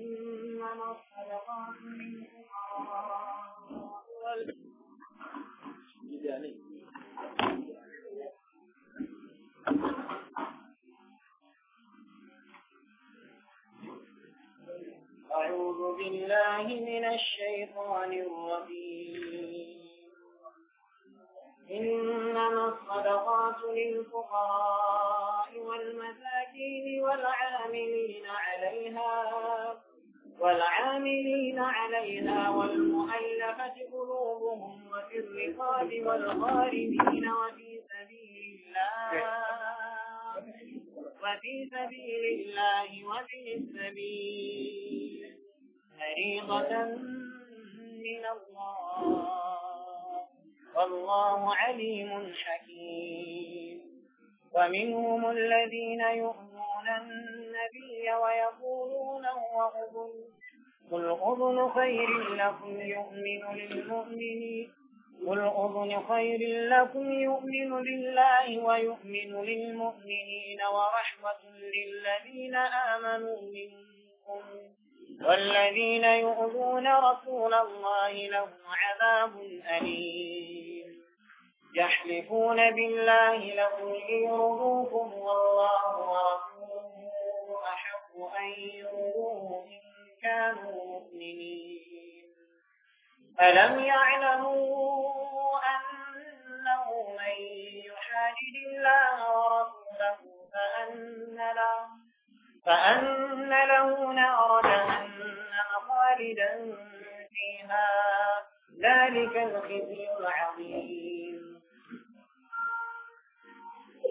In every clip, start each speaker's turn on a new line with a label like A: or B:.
A: إنما الصدقات أعوذ بالله من الشيطان الرجيم
B: إنما الصدقات
A: للفقراء والمساكين والعاملين عليها والعاملين عليها والمؤلفة قلوبهم وفي الرقاب والغارمين وفي سبيل الله وفي سبيل الله وفي السبيل فريضة من الله والله عليم حكيم ومنهم الذين يؤمنون يخدعون النبي ويقولون هو أذن قل أذن خير لكم يؤمن للمؤمنين قل أذن خير لكم يؤمن لله ويؤمن للمؤمنين ورحمة للذين آمنوا منكم والذين يؤذون رسول الله لهم عذاب أليم يحلفون بالله لكم يرضوكم والله ورسوله أن يروه إن كانوا مؤمنين ألم يعلموا أنه من يحاجد الله ورسوله فأن له, فأن له نار جهنم خالدا فيها ذلك الخزي العظيم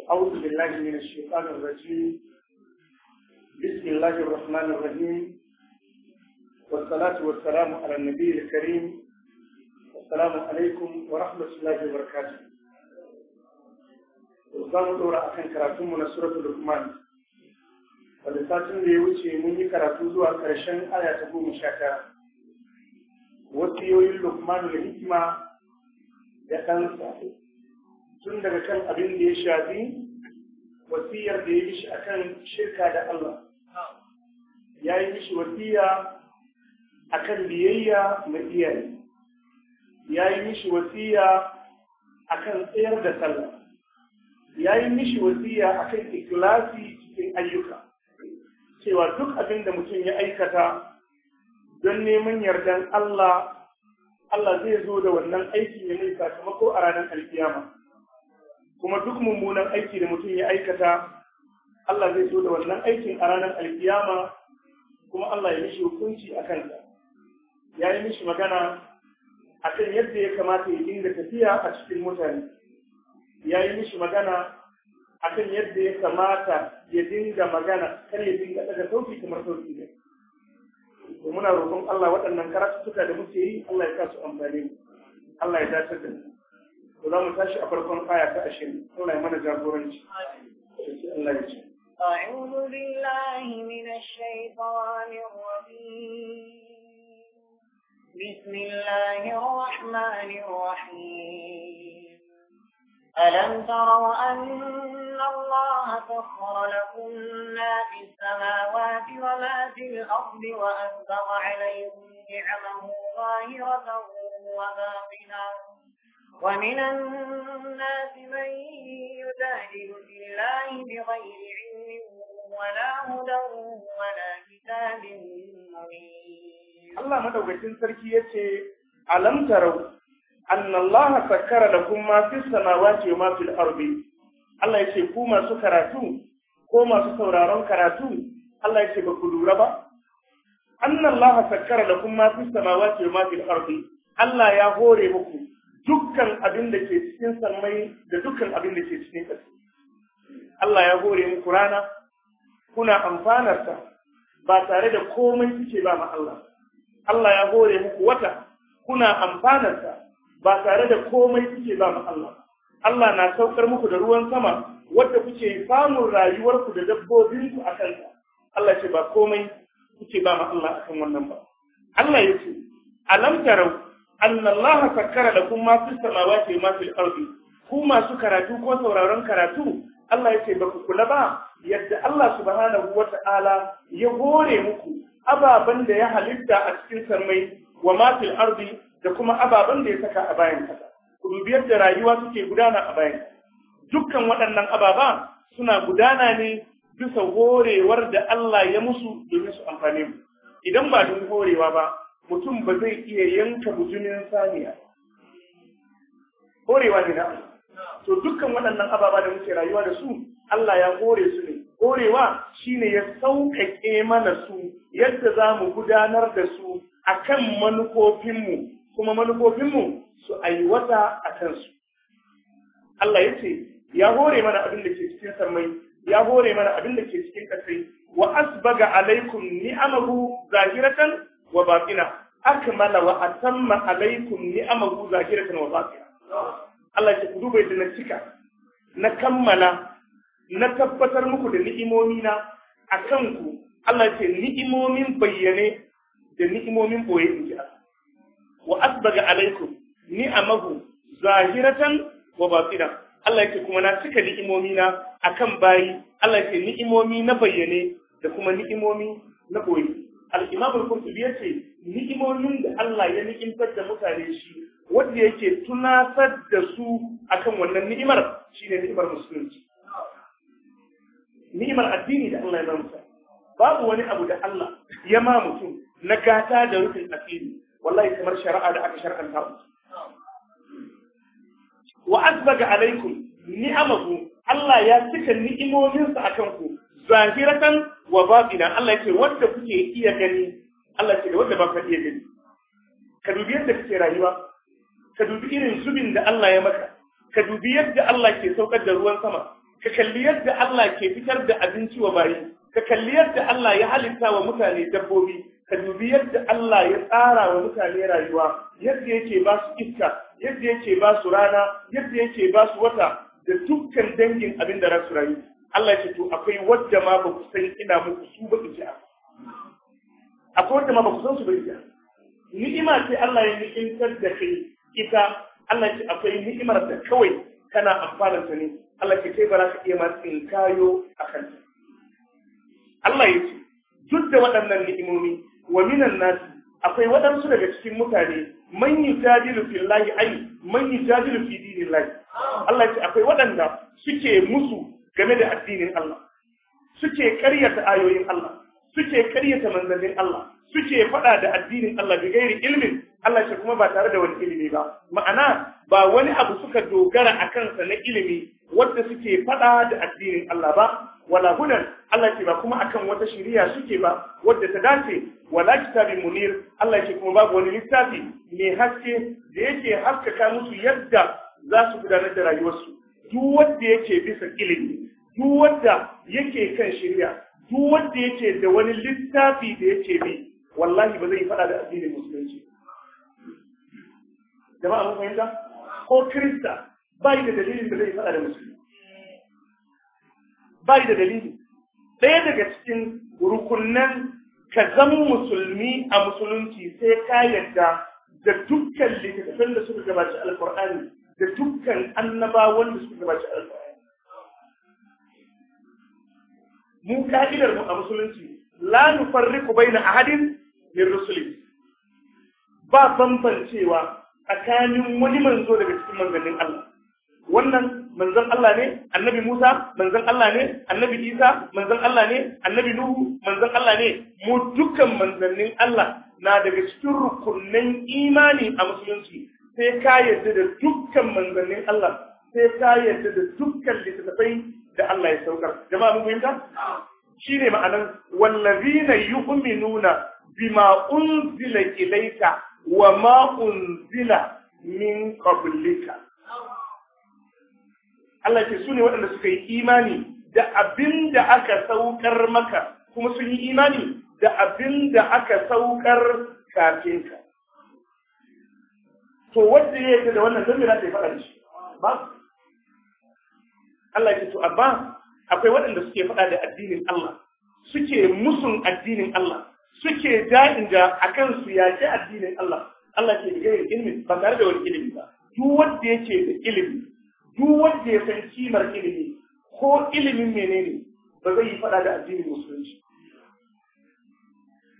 C: أعوذ بالله من الشيطان الرجيم بسم الله الرحمن الرحيم والصلاة والسلام على النبي الكريم السلام عليكم ورحمة الله وبركاته وزام دورا أكن كراتون من سورة لقمان ولساتن da ya wuce mun yi karatu zuwa ƙarshen aya ta goma sha tara wasu yoyin hikima da ɗansa tun daga kan abin da ya shafi wasiyar da ya yi shi akan shirka da Allah ya yi mishi wasiya kan biyayya na iyaye ya yi mishi wasiya kan tsayar da sallah ya yi mishi wasiya a kan ikilasi cikin ayyuka cewa duk abin da mutum ya aikata don neman yardan Allah Allah zai zo da wannan aikin ya mai sakamako a ranar alkiyama kuma duk mummunan aiki da mutum ya aikata Allah zai zo da wannan aikin a ranar alkiyama kuma Allah ya mishi hukunci a kanka, ya yi mishi magana a kan yadda ya kamata ya dinga tafiya a cikin mutane ya yi mishi magana a kan yadda ya kamata ya dinga magana kar ya dinga daga sauki kamar sauki ne to muna roƙon Allah waɗannan karatuka da muke yi Allah ya sa amfani Allah ya dace da mu ko za mu tashi a farkon aya ta ashirin Allah ya mana jagoranci
A: sai Allah ya ce أعوذ بالله من الشيطان الرجيم بسم الله الرحمن الرحيم ألم تروا أن الله سخر لكم ما في السماوات وما في الأرض وأسبغ عليكم نعمه ظاهرة وباطنة ومن الناس من يجادل في الله بغير علم ولا هدى ولا كتاب منير الله
C: مدوكتين سركي يتي ألم تروا أن الله سكر لكم ما في السماوات وما في الأرض Allah ya ce ku masu karatu ko masu sauraron karatu Allah ya ce ba ku lura ba annan Allah sakkara da kuma fi samawati wa ma fil ardi Allah ya hore muku dukkan abin da ke cikin sammai da dukkan abin da ke cikin ƙasa. Allah ya gode muku rana, kuna amfanarta ba tare da komai kike ba ma Allah. Allah ya gode muku wata, kuna amfanarta ba tare da komai kike ba ma Allah. Allah na saukar muku da ruwan sama wadda kuke samun rayuwarku da dabbobinku a kanta. Allah ce ba komai kike ba ma Allah akan wannan ba. Allah ya ce, alam tarau annallaha sakkara da kuma fis samawati ma Masu ardi ku masu karatu ko sauraron karatu Allah ya ce ba ku kula ba yadda Allah subhanahu wa ta'ala ya hore muku ababen da ya halitta a cikin sarmai wa masu ardi da kuma ababen da ya saka a bayan kasa ku dubi yadda rayuwa suke gudana a bayan dukkan waɗannan ababa suna gudana ne bisa horewar da Allah ya musu domin su amfane mu idan ba don horewa ba mutum ba zai iya yanka bujumin saniya horewa ne na to dukkan waɗannan ababa da muke rayuwa da su Allah ya hore su ne horewa shine ya sauƙaƙe mana su yadda za mu gudanar da su akan manufofinmu kuma manufofinmu su aiwata a kansu Allah ya ce ya hore mana abin da ke cikin sammai ya hore mana abin da ke cikin ƙasai wa asbaga alaikum ni'amahu zahiratan wa batina akmala wa atamma alaikum ni'amahu zahiratan wa batina Allah ya ku duba na cika na kammala na tabbatar muku da ni'imomi na akan ku Allah ya ce ni'imomin bayyane da ni'imomin boye in ji Allah wa asbaga alaikum ni'amahu zahiratan wa batina Allah ya ce kuma na cika ni'imomi na akan bayi Allah ya ce ni'imomi na bayyane da kuma ni'imomi na boye al-imam al ce, yace ni'imomin da Allah ya ni'imtar da mutane shi wanda yake tunasar da su akan wannan ni'imar shine ni'imar musulunci ni'imar addini da Allah ya zama babu wani abu da Allah ya ma mutum na gata da rufin asiri wallahi kamar shari'a da aka shar'anta mutum wa azbaga alaikum ni'amahu Allah ya cika ni'imominsa akan ku zahiratan wa batina Allah yake wanda kuke iya gani Allah yake wanda ba ka iya gani ka dubi yadda kake rayuwa ka dubi irin zubin da Allah ya maka ka dubi yadda Allah ke saukar da ruwan sama ka kalli yadda Allah ke fitar da abinci wa bayi ka kalli yadda Allah ya halitta wa mutane dabbobi ka dubi yadda Allah ya tsara wa mutane rayuwa yadda yake ba su iska yadda yake ba su rana yadda yake ba su wata da dukkan dangin abin da rasu rayu Allah ya ce to akwai wadda ma ba ku san ina muku su ba ku ji a akwai wadda ma ba ku san su ba ku ji ni'ima ce Allah ya ni'imtar da kai ita Allah ya ce akwai ni'imar da kawai kana amfana ta ne Allah ya ce kai ba za ka iya ma tsinkayo a kanta Allah ya ce duk da waɗannan ni'imomi wa minan nasi akwai waɗansu daga cikin mutane man yujadilu fillahi ay man yujadilu fi dinillahi Allah ya ce akwai waɗanda suke musu game da addinin Allah suke karyata ayoyin Allah suke karyata manzannin Allah suke faɗa da addinin Allah bi gairi ilmin Allah shi kuma ba tare da wani ilimi ba ma'ana ba wani abu suka dogara a kansa na ilimi wanda suke faɗa da addinin Allah ba wala hudan Allah ce ba kuma akan wata shiriya suke ba wadda ta dace wala kitabin munir Allah ce kuma babu wani littafi mai haske da yake haskaka musu yadda za su gudanar da rayuwarsu duk wanda yake bisa ilimi duk wanda yake kan shirya duk wanda yake da wani littafi da yake bi wallahi ba zai faɗa da addinin musulunci jama'a mun fahimta ko krista bai da dalilin da zai faɗa da musulmi bai da dalili ɗaya daga cikin rukunnan ka zama musulmi a musulunci sai ka yadda da dukkan littattafan da suka gabaci alkur'ani da dukkan annabawan da suka gabaci alkur'ani mu ka'idar mu a musulunci la nufarriqu baina ahadin min rusuli ba bambancewa tsakanin wani manzo daga cikin manzannin Allah wannan manzon Allah ne annabi Musa manzon Allah ne annabi Isa manzon Allah ne annabi Nuhu manzon Allah ne mu dukkan manzannin Allah na daga cikin rukunnan imani a musulunci sai ka yarda da dukkan manzannin Allah sai ka yarda da dukkan littattafai da Allah ya saukar jama'a mun fahimta shine ma'anan wallazina yu'minuna bima unzila ilayka wa ma unzila min qablika Allah ke sune waɗanda suka yi imani da abin da aka saukar maka kuma sun yi imani da abin da aka saukar kafin ka to wanda ya yi da wannan zamira ta yi faɗa da shi ba Allah ya ce to amma akwai waɗanda suke faɗa da addinin Allah suke musun addinin Allah suke da'in da akan su yaƙi addinin Allah Allah ke da ilimi ba tare da wani ilimi ba duk wanda yake da ilimi duk wanda ya san kimar ilimi ko ilimin menene ba zai yi faɗa da addinin musulunci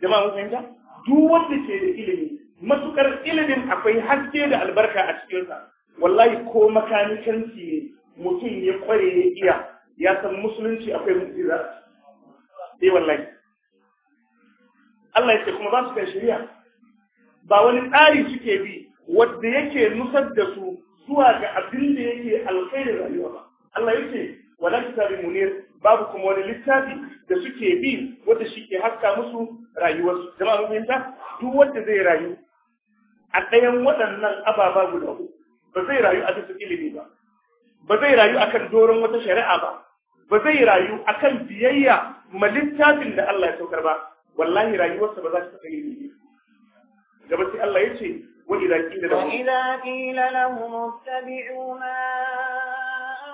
C: jama'a mun fahimta duk wanda ke da ilimi matukar ilimin akwai haske da albarka a cikin cikinsa wallahi ko makanikanci ne mutum ya kware ya iya ya san musulunci akwai mu'jiza eh wallahi Allah ya ce kuma ba su kan shari'a ba wani tsari suke bi wanda yake nusar da su zuwa ga abin da yake alkhairin rayuwa ba Allah ya ce wala kitabi munir babu kuma wani littafi da suke bi wanda shi ke haska musu rayuwarsu jama'a mun fahimta duk wanda zai rayu a ɗayan waɗannan ababa guda uku ba zai rayu a cikin ilimi ba ba zai rayu akan doron wata shari'a ba ba zai rayu akan biyayya ma littafin da Allah ya saukar ba wallahi rayuwarsa ba za ta tafi ne gaba sai Allah ya ce
A: wa idza qila lahum idza qila lahum ittabi'u ma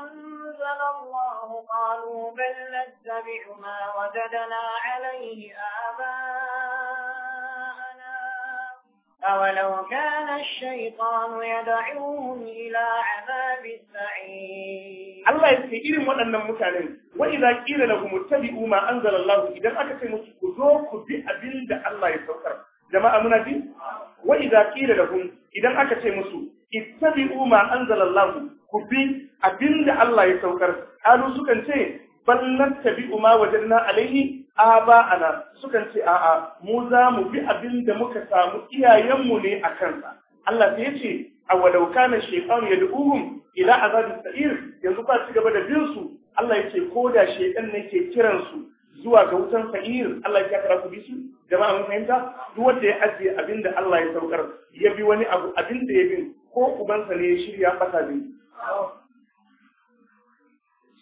A: anzala Allah qalu bal nattabi'u ma wajadna alayhi abaa أولو كان الشيطان يدعوهم إلى عذاب السعير الله
C: يسئل وأن المتعلم وإذا قيل لهم اتبعوا ما أنزل الله إذا أكثر مسكوك بأبن الله يسوكر جماعة منادي وإذا قيل لهم إذا أكثر مسكوك اتبعوا ما أنزل الله كبي أبن الله يسوكر قالوا سكن شيء بل نتبع ما وجدنا عليه A a ana sukan ce a'a mu za mu bi abin da muka samu iyayenmu ne a kansa Allah ta ya ce a walau ya da uhun ila azab sa'ir yanzu ba su gaba da bin su Allah ya ce ko da shaytan ne ke kiransu zuwa ga wutan sa'ir Allah ya kira su bi jama'a mun fahimta duk wanda ya ajiye abin da Allah ya saukar ya bi wani abu abin da ya bin ko ubansa ne ya shirya fata bin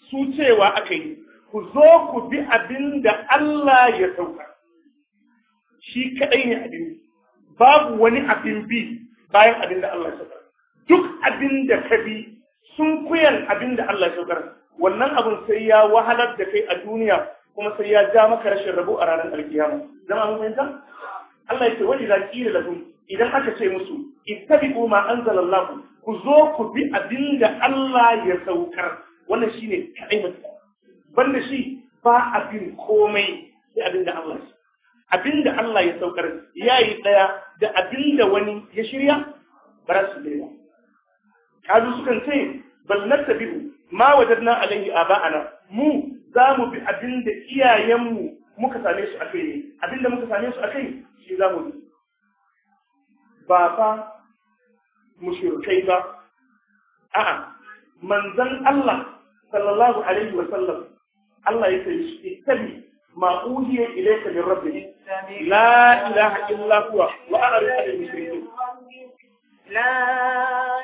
C: su cewa aka yi ku zo ku bi abin da Allah ya sauka shi kaɗai ne abin babu wani abin bi bayan abin da Allah ya sauka duk abin da ka bi sun kuyan abin da Allah ya sauka wannan abin sai ya wahalar da kai a duniya kuma sai ya ja maka rashin rabo a ranar alkiyama zama mun fahimta Allah ya ce wani da kila idan aka ce musu ittabi'u ma labu. ku zo ku bi abin da Allah ya saukar wannan shine kadai mutum banda shi ba abin komai sai abin da Allah shi abin da Allah ya saukar ya yi ɗaya da abin da wani ya shirya ba su su ba. kazu sukan ce bal nattabi'u ma wajadna alayhi aba'ana mu za mu bi abin da iyayenmu muka same su akai ne abin da muka same su akai shi za mu bi ba fa kai ba a'a manzon Allah sallallahu alaihi wa sallam Allah ya kai shi tabi ma uhiya ilayka min rabbika la ilaha illa huwa wa ana minal mushrikeen
A: la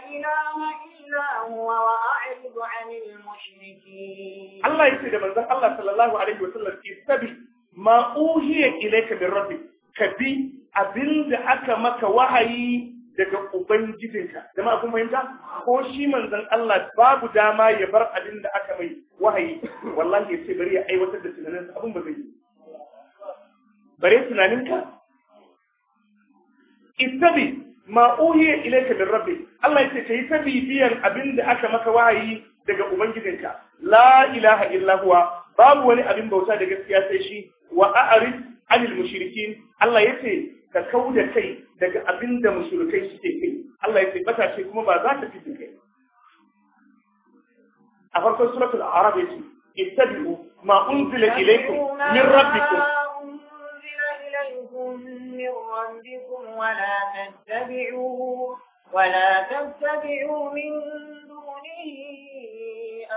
A: ilaha illa huwa wa a'ridu 'anil
B: mushrikeen Allah
C: ya ce da manzon Allah sallallahu alaihi wa sallam tabi ma uhiya ilayka min rabbika kabi abinda aka maka wahayi daga ubangijinka jama'a kun fahimta ko shi manzan Allah babu dama ya bar abin da aka mai wahayi wallahi ya ce bari ya aiwatar da tunaninsa abin ba zai yi bare tunaninka ittabi ma uhiya ilayka min rabbi Allah yace kai biyan abin da aka maka wahayi daga ubangijinka la ilaha illa huwa babu wani abin bauta da gaskiya sai shi wa a'rid anil mushrikin Allah yace ka kauda kai daga abin da mushrikai suke kai Allah ya ce bata ce kuma ba za ta fi kai a farkon suratul arab ya ce ittabi'u ma unzila ilaykum min
A: rabbikum ولا تتبعوا من دونه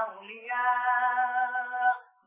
A: أولياء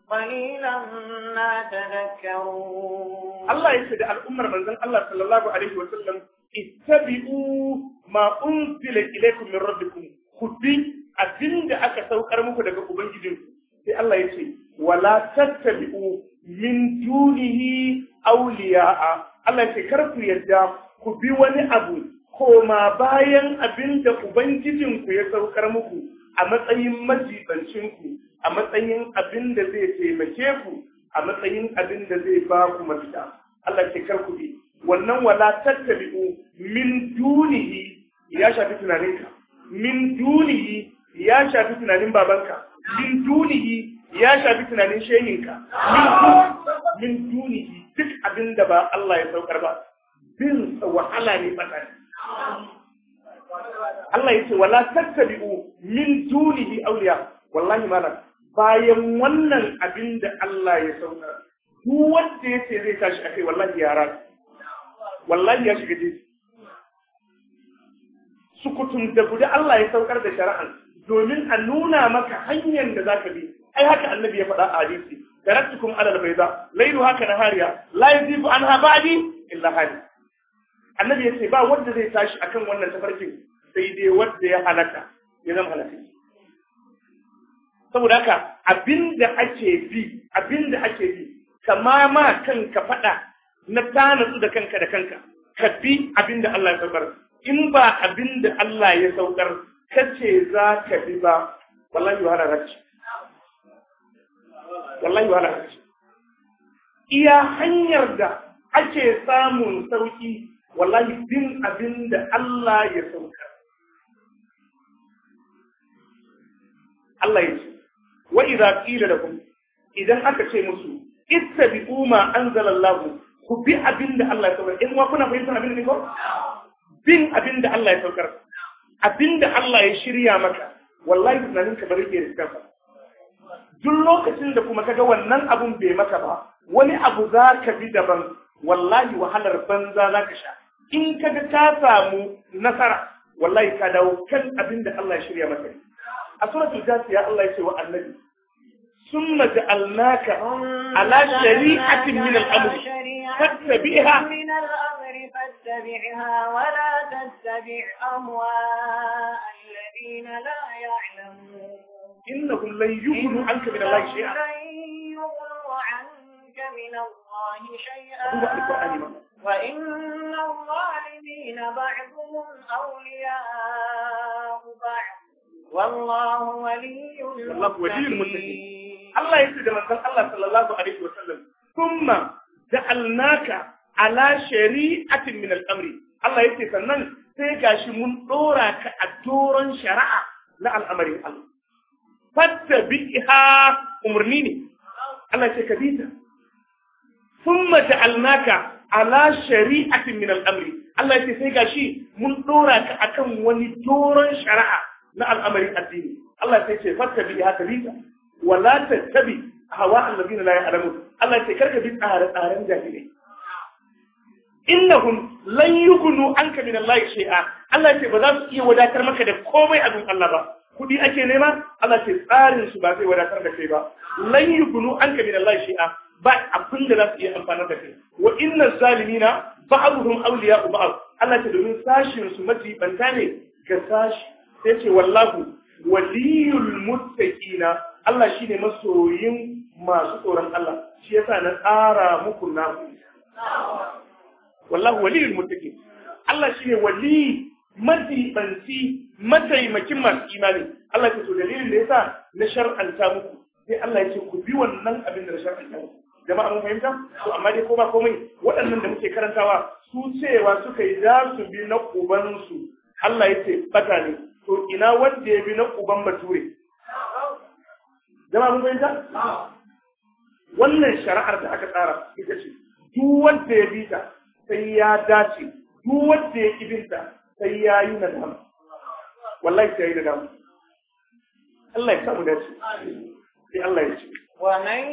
A: قليلا da
C: al'ummar الله يسعد الأمة من الله صلى الله عليه وسلم اتبعوا ما أنزل إليكم من ربكم خذي أبين da aka saukar muku daga ubangijinku sai Allah ya ce wala tattabi'u min dunihi awliya'a Allah ya ce kar ku yarda ku bi wani abu koma bayan abin da ubangijinku ya saukar muku a matsayin majibancinku a matsayin abin da zai taimake ku a matsayin abin da zai ba ku mafita Allah ke kar ku bi wannan wala tattabi'u min dunihi ya shafi tunaninka min dunihi ya shafi tunanin babanka min dunihi ya shafi tunanin shehinka min dunihi duk abin da ba Allah ya saukar ba bin wahala ne tsakani Allah ya ce wala tattabi'u min dunihi awliya wallahi malam bayan wannan abin da Allah ya sauna duk wanda ya ce zai tashi akai wallahi ya rasa wallahi ya shiga jeji sukutun da guda Allah ya saukar da shari'an domin a nuna maka hanyar da zaka bi ai haka annabi ya faɗa a hadisi taraktukum alal albayda laylu haka nahariya la yazibu anha ba'di illa hali annabi ya ce ba wanda zai tashi akan wannan tafarkin sai dai wanda ya halaka ya zama halaka saboda haka abinda ake bi abinda ake bi kama ma kanka faɗa na tanatsu da kanka da kanka ka bi abinda Allah ya saukar in ba abinda Allah ya saukar kace za ka bi ba wallahi wahala rashi wallahi wahala rashi iya hanyar da ake samun sauki wallahi bin abinda Allah ya saukar Allah ya ce wa idza qila lakum idan aka ce musu ittabi'u ma anzalallahu ku bi abinda Allah ya saukar in wa kuna fahimtar abin ne ko bin abinda Allah ya saukar abinda Allah ya shirya maka wallahi tunanin ka bari ke riskar ba duk lokacin da kuma kaga wannan abun bai maka ba wani abu za ka bi daban wallahi wahalar banza za ka sha in kaga ka samu nasara wallahi ka dawo kan abinda Allah ya shirya maka a suratul jasiya Allah ya ce wa annabi ثم جعلناك على شريعة من الأمر فاتبعها
A: من الأمر فاتبعها ولا تتبع أهواء الذين لا يعلمون إنهم لن يغنوا عنك من الله شيئا لن يغنوا عنك من الله شيئا وإن الظالمين بعضهم أولياء بعض والله ولي المتقين
C: Allah ya ce da manzon Allah sallallahu alaihi wa sallam thumma ja'alnaka ala shari'atin min al-amri Allah ya ce sannan sai gashi mun dora ka a doron shari'a na al'amarin Allah fattabi'ha umurni ne Allah ya ce ka bi ta thumma ja'alnaka ala shari'atin min al-amri Allah ya ce sai gashi mun dora ka akan wani doron shari'a na al'amarin addini Allah sai ce fattabi'ha tabita wala tattabi hawa allazina la ya'lamun Allah ce karka bi tsare tsaren jahilai innahum lan yughnu anka min Allah shay'a Allah ce ba za su iya wadatar maka da komai a Allah ba kuɗi ake nema Allah ce tsarin su ba zai wadatar da kai ba lan yughnu anka min Allah shay'a ba abin da za su iya amfanar da kai wa inna zalimina ba'dhum awliya'u ba'd Allah ce domin sashin su majibanta ne ga sashi sai ce wallahu waliyul muttaqina Allah shi ne masoyin masu tsoron Allah shi yasa na tsara muku naku wallahu waliyul muttaqin Allah shi ne wali madibanci mataimakin masu imani Allah ya ce dalilin da yasa na shar'anta muku sai Allah ya ce ku bi wannan abin da na shar'anta muku jama'a mun fahimta to amma dai ko ba komai waɗannan da muke karantawa su cewa suka yi za su bi na ubansu Allah ya ce bata ne to ina wanda ya bi na uban bature jama'a mun fahimta wannan shari'ar da aka tsara ita ce duk wanda ya bi ta sai ya dace duk wanda ya ki sai ya yi nadama wallahi sai ya yi nadama Allah ya samu dace
A: sai Allah ya ce wa man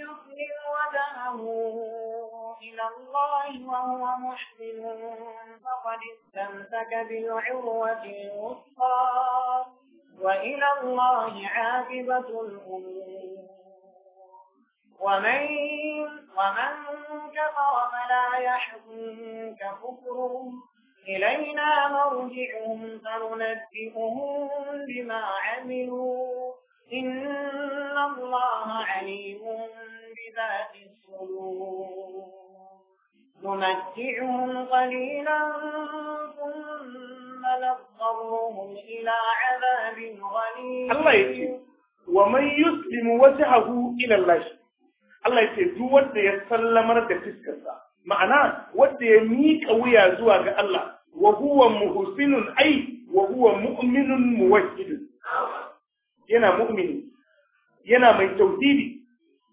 A: yuslim wadahu إلى الله وهو محسن فقد استمسك بالعروة الوثقى وإلى الله عاقبة الأمور ومن, ومن كفر فلا يحزنك كفره إلينا مرجعهم فننبئهم بما عملوا إن الله عليم بذات الصدور نمتعهم قليلا ثم Allah ya ce wa الله يتي
C: ومن يسلم وجهه إلى الله Allah ya ce duk wanda ya sallamar da fiskarsa ma'ana wanda ya miƙa wuya zuwa ga Allah wa huwa muhsinun ai wa huwa mu'minun muwahhidun yana mu'mini yana mai tauhidi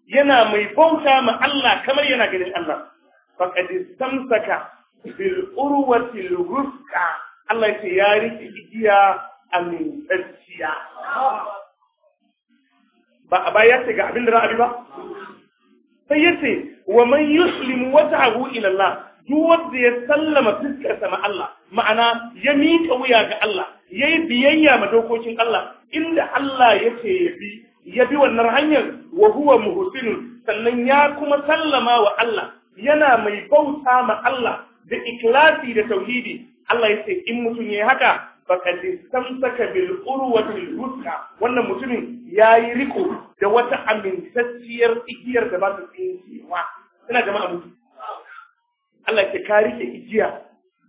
C: yana mai bauta ma Allah kamar yana ganin Allah faqad istamsaka bil urwati al Allah ya ce ya rike igiya amintacciya ba a baya ce ga abin da za ba sai ya ce wa man Yuslim wata hagu ilallah, duk wanda ya sallama fuskarsa ma Allah ma'ana ya miƙa wuya ga Allah yayi biyayya ma dokokin Allah inda Allah ya ce ya bi ya bi wannan hanyar wa huwa muhsinun sannan ya kuma sallama wa Allah yana mai bauta ma Allah da Ikilasi da tauhidi Allah ya ce in mutum ya haka baka saka bil urwatil wuthqa wannan mutumin ya yi riko da wata amintacciyar igiyar da ba ta cewa. ina jama'a mutum Allah ya ka rike igiya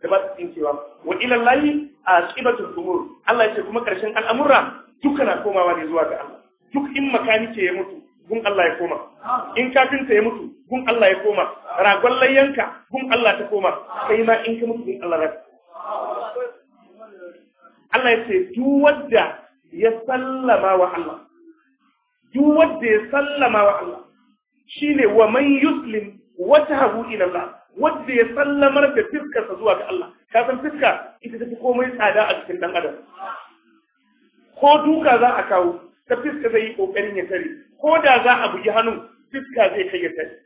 C: da ba ta cewa. wa ila lahi aqibatul umur Allah ya ce kuma karshen al'amura duka na komawa ne zuwa ga Allah duk in makanike ya mutu gun Allah ya koma in kafinta ya mutu gun Allah ya koma ragon layyanka gun Allah ta koma kai ma in ka mutu gun Allah ya Allah ya ce duk wanda ya sallama wa Allah duk wanda ya sallama wa Allah shine wa man yuslim hagu ila Allah wanda ya sallamar da fiskarsa zuwa ga Allah ka san fiska ita tafi komai tsada a cikin ɗan adam ko duka za a kawo ta fiska zai yi ƙoƙarin ya tare ko da za a bugi hannu fiska zai kai ya tare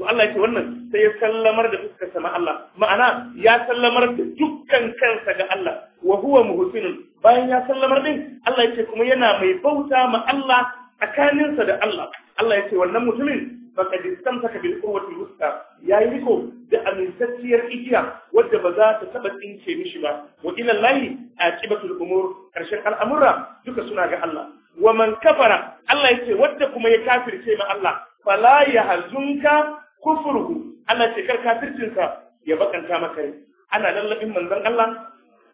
C: to Allah ce wannan sai ya sallamar da fuskarsa ma Allah ma'ana ya sallamar da dukkan kansa ga Allah wa huwa muhsinun bayan ya sallamar din Allah ya ce kuma yana mai bauta ma Allah tsakaninsa da Allah Allah ya ce wannan mutumin faqad istamsaka bil quwwati wusta ya yi riko da amintacciyar igiya wadda ba za ta taba tsince mishi ba wa ila lahi aqibatul umur karshen al'amura duka suna ga Allah wa man kafara Allah ya ce wadda kuma ya kafirce ma Allah fala yahzunka kufurhu Allah ce kar kafircinsa ya bakanta maka rai ana lallabin manzon Allah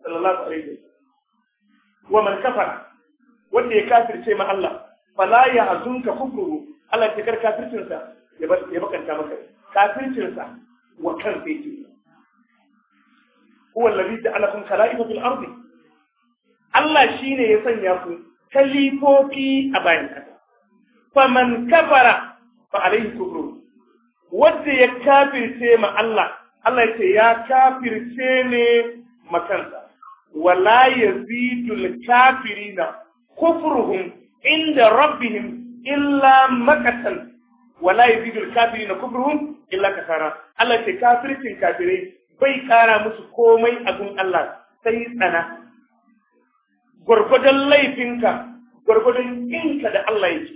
C: sallallahu alaihi wasallam wa man kafara wanda ya kafirce ma Allah fala ya azunka kufruhu Allah ya kar kafircinsa ya ya bakanta maka kafircinsa wa kan fiti huwa alladhi ja'alakum khala'ifa fil ardi Allah shine ya sanya ku kalifofi a bayan kasa faman kafara fa alayhi kufruhu wanda ya kafirce ma Allah Allah ya ce ya kafirce ne makansa wala ya yazidul kafirina kufruhum inda rabbihim illa makatan wala ya yazidul kafirina kufruhum illa kasara Allah ce kafircin kafirai bai kara musu komai a gun Allah sai tsana gwargwadon laifinka gwargwadon inka da Allah yake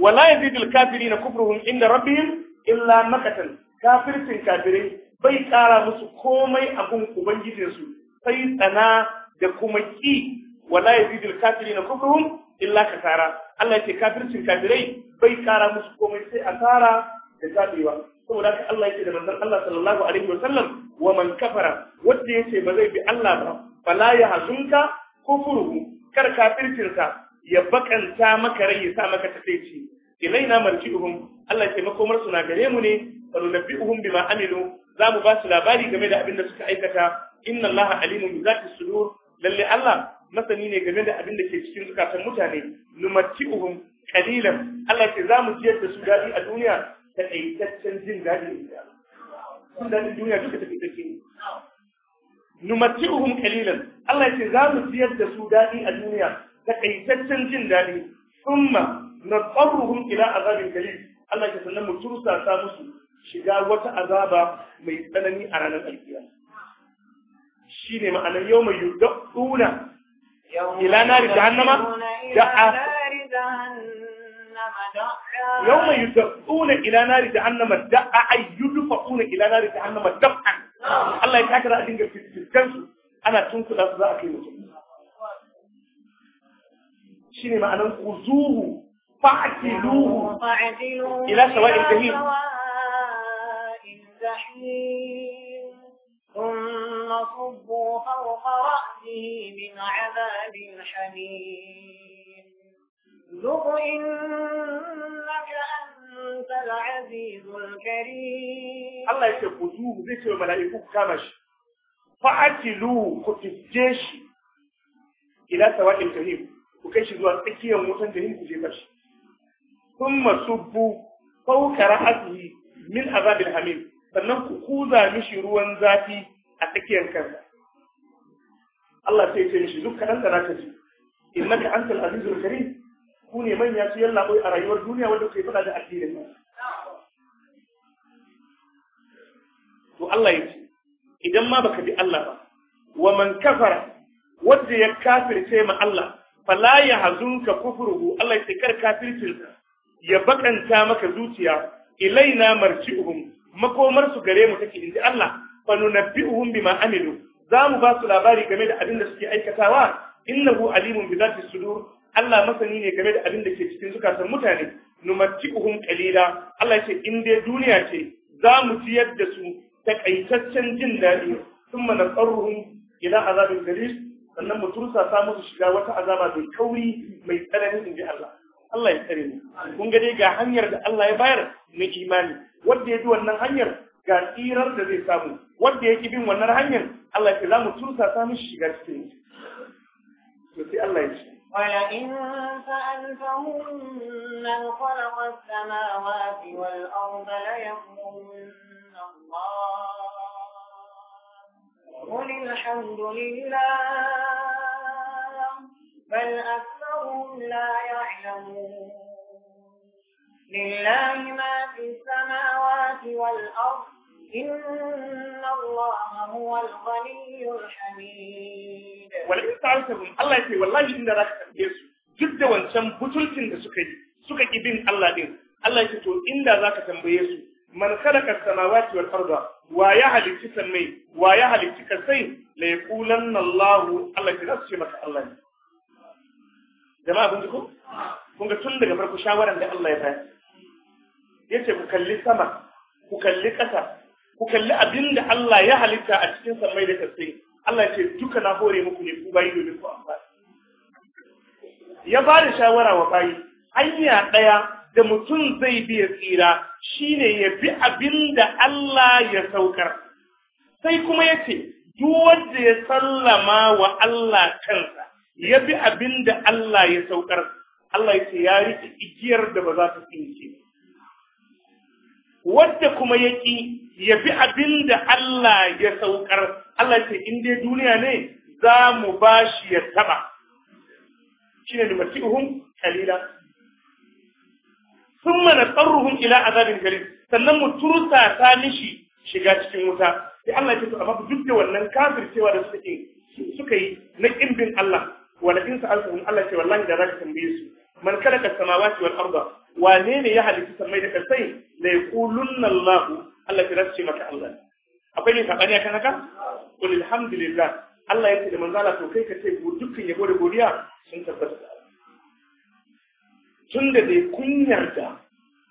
C: wala ya yazidul kafirina kufruhum inda rabbihim illa makatan kafircin kafirai bai kara musu komai abun ubangijinsu sai tsana da kuma ki. wala yazidul kafirin kufruhum illa kasara Allah ya ce kafircin kafirai bai kara musu komai sai asara da zabewa saboda haka Allah ya ce da manzon Allah sallallahu alaihi wa sallam wa man kafara wanda yace ba zai bi Allah ba fala ya hasunka kufruhu kar ka ya bakanta maka rai ya sa maka tafeci ilaina marji'uhum Allah ya makomarsu na gare mu ne wani fa nunabbi'uhum ma Aminu, za mu ba su labari game da abin da suka aikata inna Allah alimu bi zati sudur lalle Allah masani ne game da abin da ke cikin zukatan mutane uhun kalilan. Allah ya za mu ciyar da su dadi a duniya ta aitaccen jin dadi sun dadin duniya duka take take uhun kalilan. Allah ya za mu ciyar da su dadi a duniya ta aitaccen jin dadi thumma nadqaruhum ila azabin qalil Allah ke sannan mu tursasa musu shiga wata azaba mai tsanani a ranar Shi ne ma'anar yau mai yuduna ila nari jahannama da'a yau mai yuduna ila nari jahannama da'a ayyudfa'una ila nari jahannama dab'an Allah ya taka da a dinga fiskan su ana tunkuda su za a kai mutum ne ma'anar kuzuhu
A: فاعتلوه إلى سواء الجحيم ثم صبوا فوق رأسه من عذاب الحميم ذق إنك أنت العزيز الكريم
C: الله كامش فأتلوه إلى سواء وكيش جهيم كجيبش thumma subbu fawqa ra'sihi min azabil hamim sannan ku kuza mishi ruwan zafi a tsakiyar kansa Allah sai ya ce mishi duk kaɗan da naka ji innaka antal azizul karim ku ne manya su yalla a rayuwar duniya wanda kai fada da addinin nan to Allah ya ce idan ma baka bi Allah ba wa man kafara wanda ya kafirce ma Allah fala ya hazunka kufruhu Allah ya ce kar kafircinka ya baƙanta maka zuciya ilaina marji'uhum makomar su gare mu take inji Allah fa nunabbi'uhum bima amilu zamu ba su labari game da abin da suke aikatawa innahu alimun bi dhati sudur Allah masani ne game da abin da ke cikin zukatan mutane numatti'uhum kalila Allah ya ce in dai duniya ce zamu ciyar da su takaitaccen jin daɗi mana nasarruhum ila azabin garis sannan mu tursa sa musu shiga wata azaba mai kauri mai tsanani inji Allah Allah ya tsare mu kun ga dai ga hanyar da Allah ya bayar na imani wanda ya bi wannan hanyar ga tsirar da zai samu wanda ya ki bin wannan hanyar Allah ya zamu tursa ta mishi shiga cikin
A: to sai Allah ya ce ولئن سألتهم من خلق السماوات والأرض ليقولن
B: قل الحمد لله
A: بل أكثر وهم لا يعلمون لله ما في السماوات والأرض إن الله هو الغني الحميد ولئن سألتهم
C: الله يقول والله إن ذاك يسوع duk da wancan butulcin da suka yi suka ki bin Allah din Allah yake to inda zaka tambaye su man khalaqa samawati wal arda wa ya halicci sammai wa ya halicci kasai Allah ya ce maka Allah ne jama'a kun ji ko kun ga tun daga farko shawaran da Allah ya Ya ce ku kalli sama ku kalli ƙasa ku kalli abin da Allah ya halitta a cikin samai da kasai Allah ya ce duka na hore muku ne ku bayi domin ku amfani ya ba da shawara wa bayi hanya ɗaya da mutum zai bi ya tsira ne ya bi abin da Allah ya saukar sai kuma ya ce duk wanda ya sallama wa Allah kansa ya bi abin da Allah ya saukar Allah ya ce ya riƙe igiyar da ba za ta tsinke wadda kuma ya ƙi ya bi abin da Allah ya saukar Allah ya ce in dai duniya ne za mu ba shi ya taɓa shi ne da kalila sun mana tsarruhun ila azabin galil sannan mu tursa ta mishi shiga cikin wuta sai Allah ya ce to amma duk da wannan kafircewa da suka yi na ƙimbin Allah wala in sa'altum Allah ce wallahi da zaka tambaye su man khalaqa samawati wal arda wane ne ya halitta samai da kasai la yaqulunna Allah Allah ya ce maka Allah akwai ne sabani akan haka qul alhamdulillah Allah ya ce da manzala to kai ka ce dukkan yabo da godiya sun tabbata tun da dai kunyar da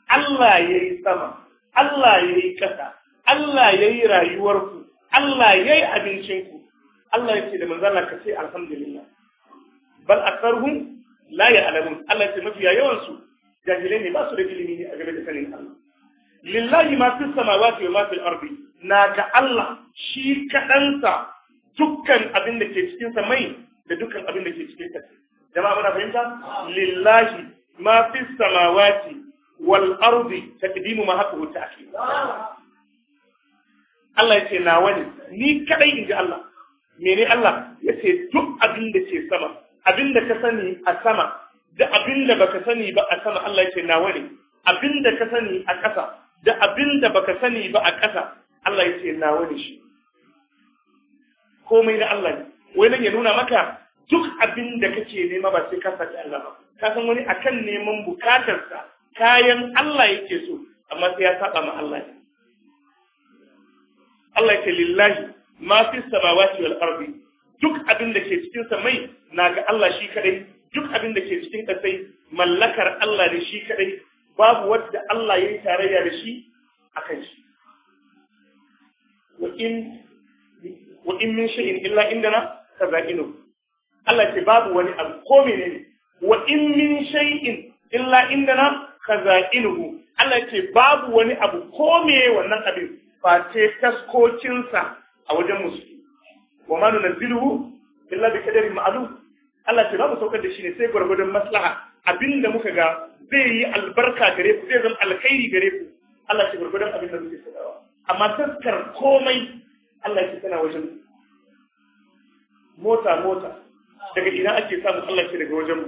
C: Allah ya yi sama Allah ya yi ƙasa Allah ya yi rayuwarku Allah ya yi abincinku Allah ya ce da ka ce alhamdulillah bal aktharuhum la ya'lamun Allah ya ce mafiya yawan su jahilai ne ba su da ilimi a game da sanin Allah lillahi ma fi samawati wa ma fil ardi na ga Allah shi kadansa dukkan abin da ke cikin mai da dukkan abin da ke cikin ƙasa jama'a muna fahimta lillahi ma fi samawati wal ardi taqdimu ma haqqu ta'khir Allah ya ce nawa ne ni kadai inji Allah mene Allah ya ce duk abin da ke sama abinda ka sani a sama da abinda baka sani ba a sama Allah yake nawa ne abinda ka sani a ƙasa da abinda baka sani ba a ƙasa Allah yake nawa ne shi komai na Allah ne wai nan ya nuna maka duk abin da kake nema ba sai ka saki Allah ba ka san wani akan neman sa kayan Allah yake so amma sai ya saba ma Allah Allah yake lillahi ma fi samawati wal ardi duk abin da ke cikin samai na ga Allah shi kadai duk abin da ke cikin kasai mallakar Allah da shi kadai babu wanda Allah ya yi tarayya da shi akan shi wa in min shay'in illa indana kaza'inu Allah ce babu wani abu ko menene wa in min shay'in illa indana kaza'inuhu Allah ce babu wani abu ko me wannan abin face taskocinsa a wajen musulmi wa ma nunzilu illa bi qadarin ma'lum Allah ce ba mu saukar da shi ne sai gwargwadon maslaha abinda muka ga zai yi albarka gare ku zai zama alkhairi gare ku Allah ce gwargwadon abin da muke sadawa amma taskar komai Allah ce tana wajen mota mota daga ina ake samu Allah ce daga wajen mu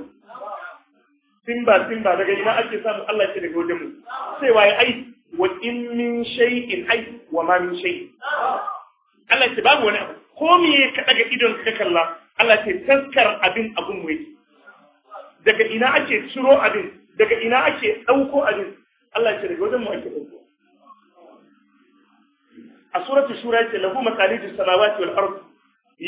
C: simba simba daga ina ake samu Allah ce daga wajen mu sai waye ai wa in min shay'in ai wa ma min shay'in Allah ce babu wani abu ko me ka daga idon ka kalla Allah ce taskar abin abun mu daga ina ake ciro abin daga ina ake dauko abin Allah ce daga wajen mu ake dauko a suratul shura yake lahu maqalidus samawati wal ard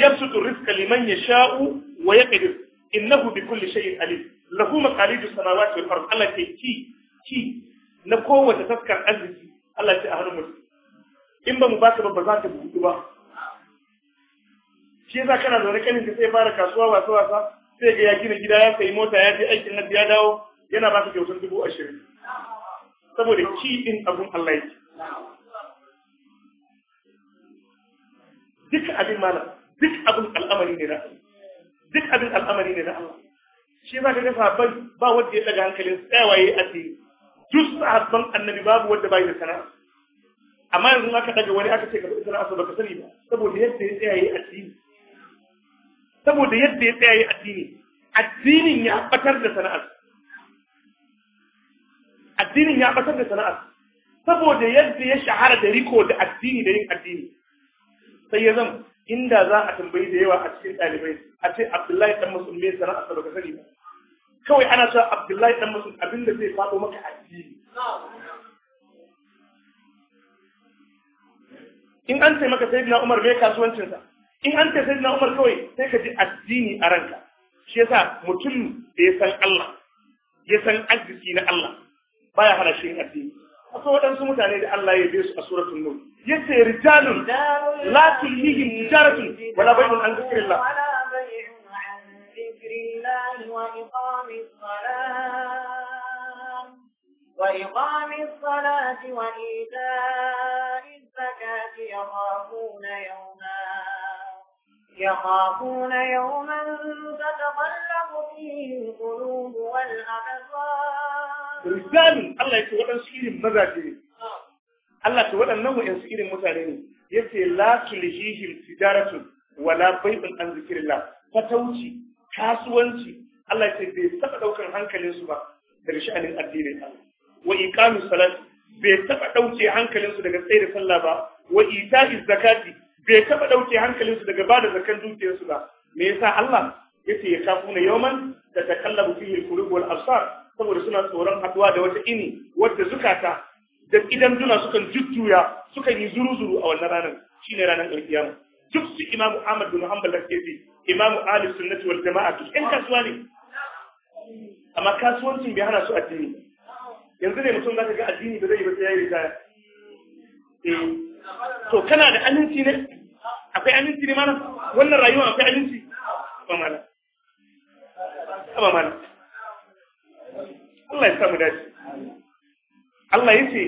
C: yabsutu rizqa liman yasha'u wa yaqdir innahu bi kulli shay'in alim lahu maqalidus samawati wal ard Allah ce ki ki na kowace taskar arziki Allah ce a hannun mutum in ba mu baka ba ba za ka buɗu ba shi yasa kana zaune kanin ka sai fara kasuwa wasa wasa sai ga ya gina gida ya sayi mota ya je aikin hajji ya dawo yana ba ka kyautar dubu ashirin saboda ki din abun Allah yake duk abin mana duk abin al'amari ne na Allah duk abin al'amari ne na Allah shi yasa kaga sahabbai ba wanda ya daga hankalin tsayawaye a tsaye duk sahabban annabi babu wanda bai da sana'a amma yanzu aka daga wani aka ce ka sana'a ba ka sani ba saboda yadda ya tsayaye a tsaye saboda yadda ya tsaya addini addinin ya batar da sana'ar addinin ya batar da sana'ar saboda yadda ya shahara da riko da addini da yin addini sai ya zama inda za a tambayi da yawa a cikin ɗalibai a ce abdullahi dan musulmi mai sana'ar da baka sani ba kawai ana cewa abdullahi dan musulmi abinda zai faɗo maka addini in an ce maka sayyidina umar mai kasuwancinsa in an tafi na umar kawai sai ka ji addini a ranka shi yasa mutum da ya san Allah ya san arziki na Allah baya hana shi addini akwai waɗansu mutane da Allah ya su a suratul nur yace rijalun la tulhihim tijaratun wala bai'un
A: an zikrillah وإقام الصلاة وإيتاء الزكاة يخافون يوما يخافون يوما تتقلب فيه القلوب والأبصار
C: رجال الله يتي ودان سيرين الله يتي ودان ان سيرين mutane ne yace la tulhihim tijaratu wala bai'un an zikrillah fatauci kasuwanci Allah yace bai saba daukar hankalin su ba daga sha'anin addinin Allah wa bai saba dauke hankalin su daga tsayar sallah ba wa zakati bai taba dauke hankalinsu daga bada zakan dukiyarsu ba me yasa Allah ce ya kafu na yawman da takallabu fihi al-qulub wal absar saboda suna tsoron haduwa da wata ini wadda zukata da idan duna sukan jujjuya sukan yi zuru-zuru a wannan ranar shine ranar alkiyama duk su imamu Ahmad bin Muhammad da ke bi imamu Ali sunnati wal jama'a duk ɗan kasuwa ne amma kasuwancin bai hana su addini yanzu ne mutum za ka ga addini ba zai yi ba sai ya yi ritaya eh
B: to kana da aminci
C: ne akwai aminci ne mana wannan rayuwa akwai aminci ba mana ba mana Allah ya samu dace Allah yace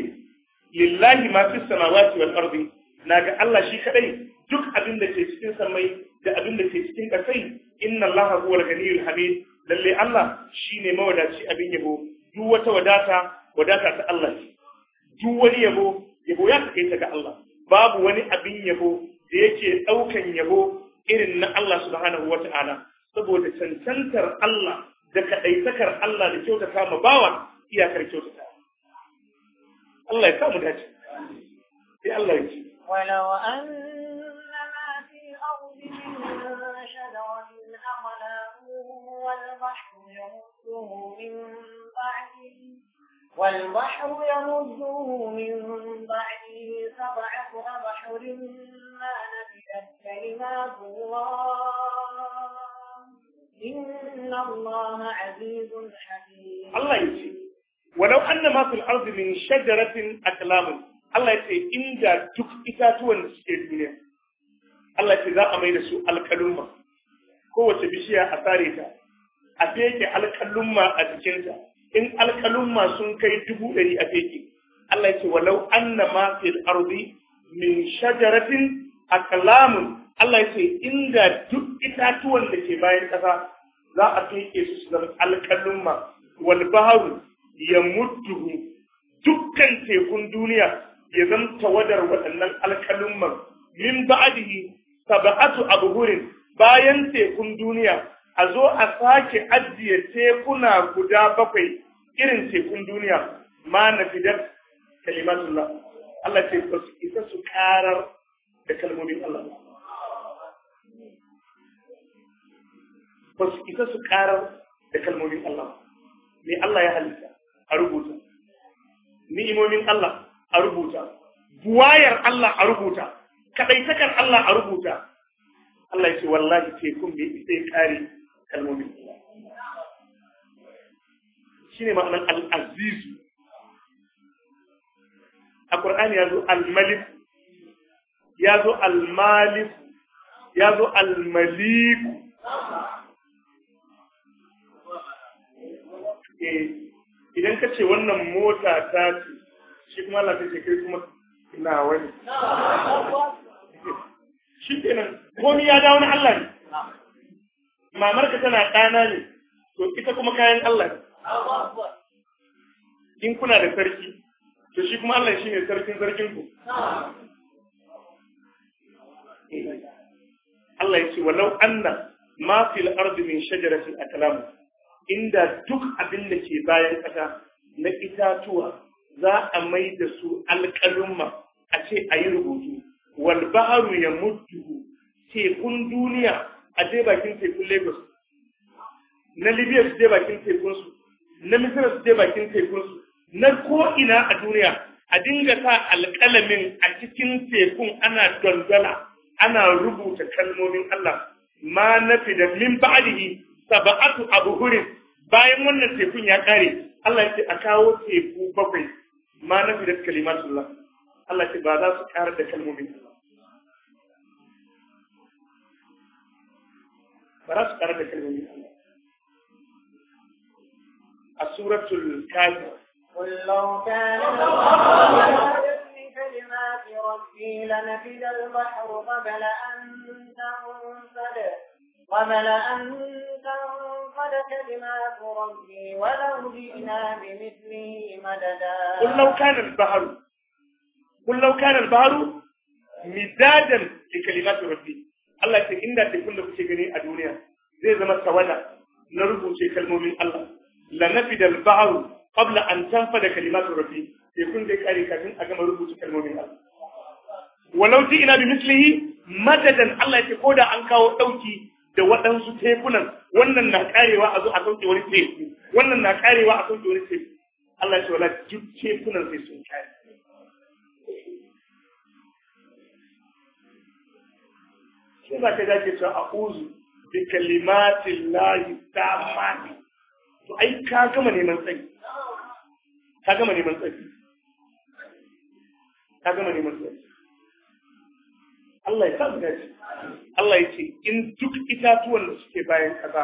C: lillahi ma fi samawati wal ardi naga Allah shi kadai duk abin da ke cikin samai da abin da ke cikin kasai inna Allah huwal ganiyul hamid lalle Allah shine mawadaci abin yabo duk wata wadata wadata ta Allah duk wani yabo yabo ya kai ta ga Allah babu wani abin yabo da yake ɗaukan yabo irin na Allah subhanahu wa ta'ala saboda cancantar Allah da kaɗaitakar Allah da kyautata ma bawa iyakar kyautata Allah ya samu dace
A: sai Allah ya ce ولو أن ما في الأرض من شجرة أقلام والبحر من بعده والبحر يمده من بعده سبعة أبحر ما نفدت كلمات الله إن الله عزيز حكيم الله
C: يجزي ولو أن ما في الأرض من شجرة أقلام Allah ya ce inda duk itatuwan suke duniya Allah ya ce za a mai da su alkalumma kowace bishiya a tsare ta a feke alkalumma a jikinta in alƙalumma sun kai dubu ɗari a feki Allah ya ce walau anna ma fil ardi min shajaratin aqlamun Allah ya ce inda duk itatuwan da ke bayan ƙasa za a feke su su zama alƙalumma wal baharu ya mudduhu dukkan tekun duniya ya zama tawadar waɗannan alƙalumman min ba'dihi sab'atu abhurin bayan tekun duniya a zo a sake ajiye tekuna guda bakwai irin tekun duniya ma na fidar kalimatullah Allah ce ba su isa su karar da kalmomin Allah ba su isa su karar da kalmomin Allah me Allah ya halitta a rubuta ni'imomin Allah a rubuta buwayar Allah a rubuta Kaɗaitakar Allah a rubuta Allah ya ce wallahi tekun bai isa ya kare kalmomin shine ma'anar al-azizu a Qur'ani ya zo al-malik ya zo al-malik ya zo al-malik eh, idan ka ce wannan mota ta ce shi kuma Allah ce kai kuma ina wani shi kenan komi ya dawo na Allah ne mamarka tana ɗana ne to ita kuma kayan Allah ne in kuna da sarki to shi kuma Allah shi ne sarkin sarkin ku Allah ya ce walau anna ma fil ardi min shajaratin aklam inda duk abin da ke bayan kasa na itatuwa za a mai da su alƙalumma a ce a yi rubutu wal baharu ya mutu tekun duniya a je bakin tekun Lagos na Libya su je bakin tekun su na misira su je bakin tekunsu na ko'ina a duniya a dinga sa alƙalamin a cikin tekun ana dondala ana rubuta kalmomin Allah ma fi da min saba'atu sab'atu abhurin bayan wannan tekun ya kare Allah ya ce a kawo teku bakwai ma fi da kalimatullah Allah ce ba za su ƙara da kalmomin Allah ba za su ƙara da kalmomin Allah سورة suratul kafi kullum
A: كلمات ربي لنفد البحر قبل أن تنفد قبل أن تنفد كلمات ربي ولو جئنا بمثله مددا قل لو كان البحر
C: قل لو كان البحر مدادا لكلمات ربي الله ce في كل شيء في الدنيا زي ما zai نرجو شيء كلمه من الله la nafida al-bahr qabla an da kalimatu rabbi sai kun dai kare kafin a gama rubutu kalmomin Allah walau ji ina bi mislihi madadan Allah ya ce ko da an kawo dauki da waɗansu tekunan wannan na karewa a zo a sauke wani teku wannan na karewa a sauke wani teku Allah ya ce wala duk tekunan sai sun kare sai ba ka dace cewa a'uzu bi kalimatin lahi tamani to ai ka gama neman tsayi ka gama neman tsayi ka gama neman tsayi Allah ya sa gaji Allah ya ce in duk itatuwan da suke bayan kaza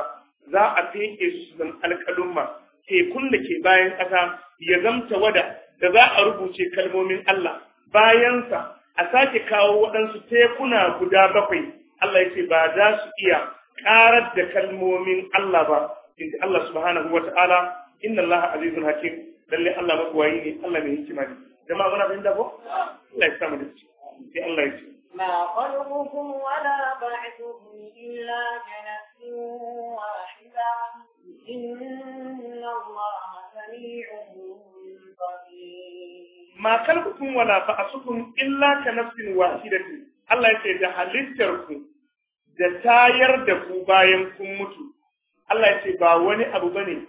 C: za a feke su zan alƙalumma tekun da ke bayan ƙasa ya zamta wada da za a rubuce kalmomin Allah bayan sa a sake kawo waɗansu tekuna guda bakwai Allah ya ce ba za su iya ƙarar da kalmomin Allah ba inda Allah subhanahu wa ta'ala inna Allah azizun hakim lalle Allah magwayi ne Allah mai hikima ne jama'a muna fahimta ko Allah ya samu dace sai Allah ya ce
A: ما خلقكم ولا بعثكم إلا كنفس واحدة إن الله سميع ma kalbukum wala ba'asukum
C: illa ka nafsin wahidatin Allah ya ce da halittarku da tayar da ku bayan kun mutu Allah ya ce ba wani abu bane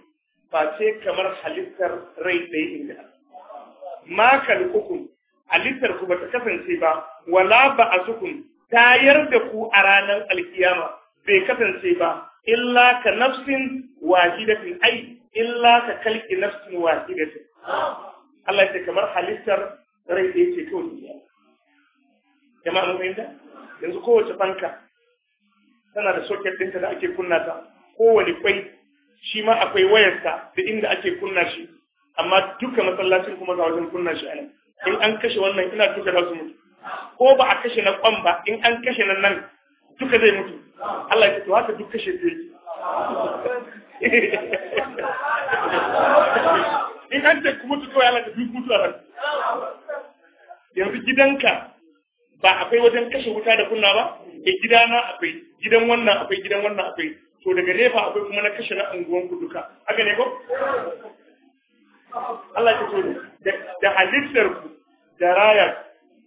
C: ba ce kamar halittar rai ɗaya inda ma kalkukum halittar ku bata kasance ba wala ba asukum tayar da ku a ranar alkiyama bai kasance ba illa ka nafsin wahidatin ai illa ka kalki nafsin wahidatin Allah ya ce kamar halittar rai ɗaya ce kawai jama'a mun fahimta yanzu kowace fanka tana da soket ɗinta da ake kunna ta kowane kwai shi ma akwai wayarsa da inda ake kunna shi amma duka masallacin kuma ga wajen kunna shi anan in an kashe wannan ina duka za su mutu ko ba a kashe na kwan ba in an kashe na nan duka zai mutu Allah ya to haka duk kashe zai in an ce ku mutu kawai Allah ka duk mutu a nan yanzu gidanka ba akwai wajen kashe wuta da kunna ba e gidana akwai gidan wannan akwai gidan wannan akwai to daga nefa akwai kuma na kashe na unguwanku duka haka ne ko Allah ya ce da halittar ku da rayar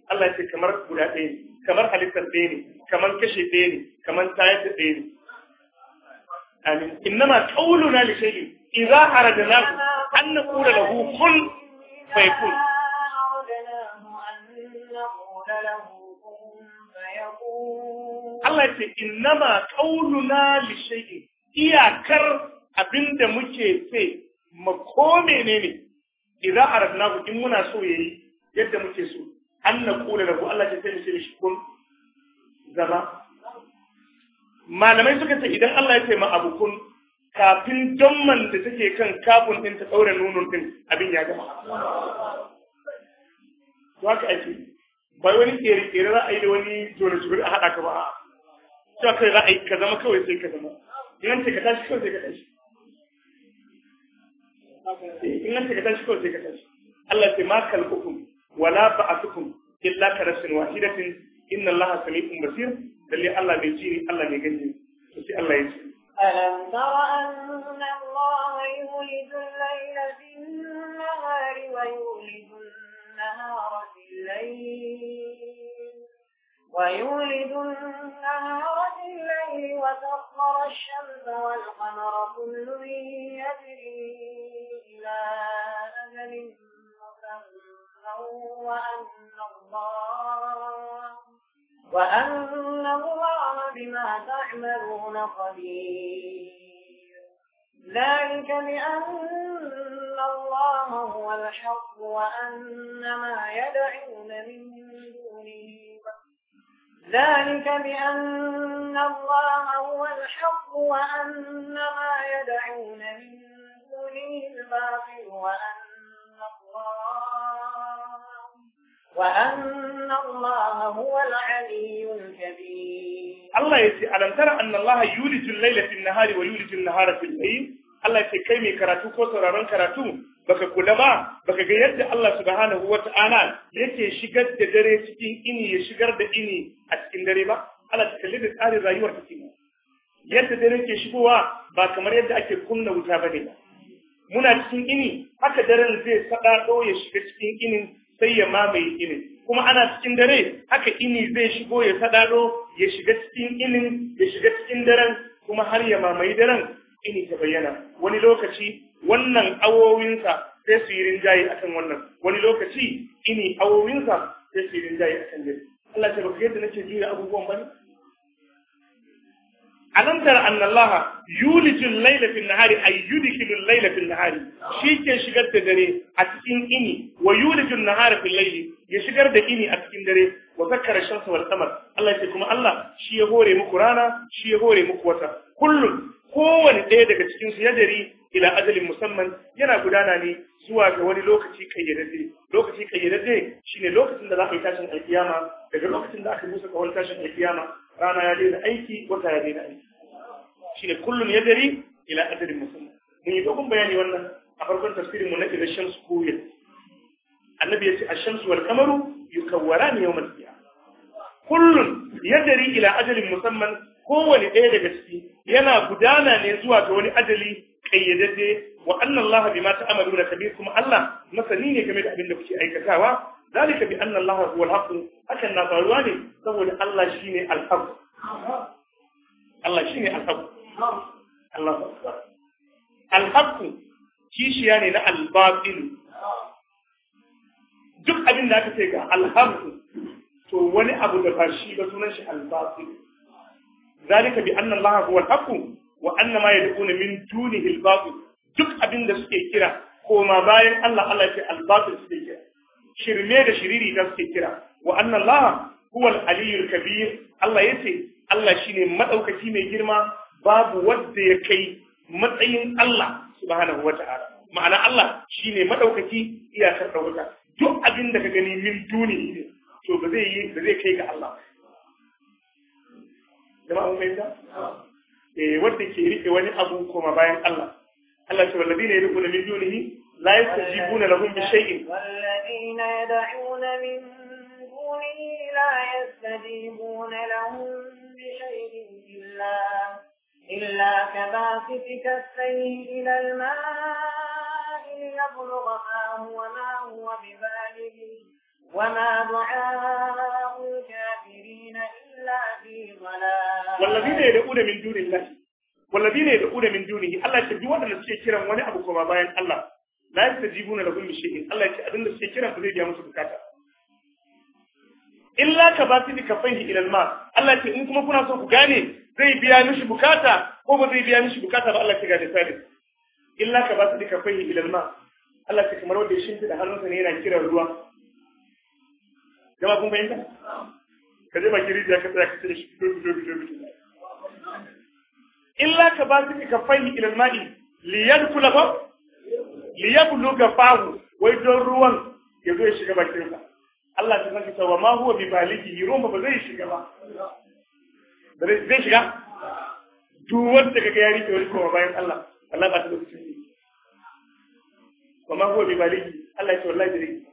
C: Allah ce kamar guda ɗaya ne kamar halittar ɗaya ne kamar kashe ɗaya ne kamar tayar da ɗaya ne amin innama qawluna li shay'in idza aradnahu an naqula lahu kun
A: fayakun Allah
C: inna innama kauluna li shay'in iyakar abinda muke ce ma ko menene idza ku, in muna so yayi yadda muke so an da lahu Allah ce sai shi kun zama malamai suka ce idan Allah ya ce ma abu kun kafin jamman da take kan kafin din ta daura nunun din abin ya gama to haka ake bai wani kere kere za da wani jona jibir a haɗa ka ba شاكر رأي كذا ما كوي يصير كذا ما إنت كتاش كوي زي كتاش إنت كتاش كوي زي كتاش الله تما خلقكم ولا بعثكم إلا كرس واحدة إن الله سميع بصير للي الله بيجيني الله بيجيني بس الله
A: يجيني ألم تر أن الله يولد الليل في النهار ويولد النهار في الليل ويولد النهار في الليل وسخر الشمس والقمر كل يجري إلى أجل مسمى وأن الله وأن الله بما تعملون خبير ذلك بأن الله هو الحق وأن ما يدعون من دونه ذلك بأن الله هو الحق وأن ما يدعون من دونه الباطل وأن الله, وأن الله هو العلي الكبير Allah
C: ya ce, Alantara an Allah yuli tun lailafin nahari wa yuli tun nahara fil layin, Allah ya kai mai karatu ko sauraron karatu, baka kula ba, baka ga yadda Allah subhanahu wa ta'ala yake shigar da dare cikin ini ya shigar da ini a cikin dare ba tsalle da tsarin rayuwar ta yadda dare ke shigowa ba kamar yadda ake kunna wuta ba ne muna cikin ini haka daren zai saɗaɗo ya shiga cikin ini sai ya mamaye ini. kuma ana cikin dare haka ini zai shigo ya saɗaɗo ya shiga cikin ini ya shiga cikin daren kuma har ya mamaye daren ini ta bayyana wani lokaci wannan awowinsa sai su yi rinjaye akan wannan wani lokaci ini awowinsa sai su yi rinjaye akan dare Allah ce baka yadda nake juya abubuwan bane alam tara anna Allah yulijul layla fil nahari ay yudkhilul layla fil nahari shi ke shigar da dare a cikin ini wa yulijul nahara fil layli ya shigar da ini a cikin dare wa zakkara shamsa wal qamar Allah ce kuma Allah shi ya hore muku rana shi ya hore muku wata kullum kowane ɗaya daga cikin su ya dari ila ajalin musamman yana gudana ne zuwa ga wani lokaci kayyadadde lokaci kayyadadde shine lokacin da za a yi tashin alkiyama daga lokacin da aka busa wani tashin alkiyama rana ya daina aiki wata ya daina aiki shine kullun yadari ila ajalin musamman mun yi dogon bayani wannan a farkon tafsirin mu na ila shamsu kuyat annabi ya ce ash-shamsu wal qamaru yukawwarani yawmal qiyamah kullun yadari ila ajalin musamman kowane ɗaya daga ciki yana gudana ne zuwa ga wani ajali kayyadadde wa anna Allah bima ta'maluna kabir kuma Allah masani ne game da abin da kuke aikatawa zalika bi anna Allah huwa al-haq hakan na faruwa ne saboda Allah shine al-haq Allah shine al-haq Allah akbar al-haq kishiya ne na al-batil duk abin da aka ce ga al-haq to wani abu da ba shi ba sunan shi al-batil zalika bi anna Allah huwa al-haq wa anna ma yad'una min dunihi al-batil duk abin da suke kira koma bayan Allah Allah ce al-batil suke kira shirme da shiriri da suke kira wa anna Allah huwa al-aliyyul kabir Allah yace Allah shine madaukaki mai girma babu wanda ya kai matsayin Allah subhanahu wata'ala ma'ana Allah shine madaukaki iyakar dauka duk abin da ka gani min duni ne to ba zai yi ba zai kai ga Allah jama'a mun fahimta wanda ke rike wani abu kuma bayan Allah Allah ce walladina yad'una min dunihi
A: la yastajibuna lahum bi shay'in walladina yad'una min dunihi la yastajibuna lahum bi shay'in illa illa kabasit kasayyi ila al-ma'i liyabluغ huwa ma huwa bi balighi وما دعاء الكافرين والذين يدعون من
C: دون الله والذين يدعون من دونه الله ya ji waɗanda suke kiran wani abu kuma bayan Allah la yastajibuna lahum min shay'in Allah ya ce abinda suke kiran zai biya musu bukata illa ka ba su ka fahimci ilal ma Allah ce in kuma kuna so ku gane zai biya mishi bukata ko ba zai biya mishi bukata ba Allah ce ga misali illa ka ba su Allah ce kamar wanda ya hannunsa yana kiran ruwa fahimta ka je bakin rijiya ka tsaya ka ce shi fito
B: fito fito fito
C: illa ka ba su ka fahimi ilal ma'i liyar kula ba liyar ga fahu wai don ruwan ya zo ya shiga bakinsa Allah ta saki cewa ma huwa bi baligi ruwan ba zai shiga ba zai shiga to wanda kaga yari rike wani kuma bayan Allah Allah ba ta lokacin ne wa ma huwa bi baligi Allah ya ce wallahi zai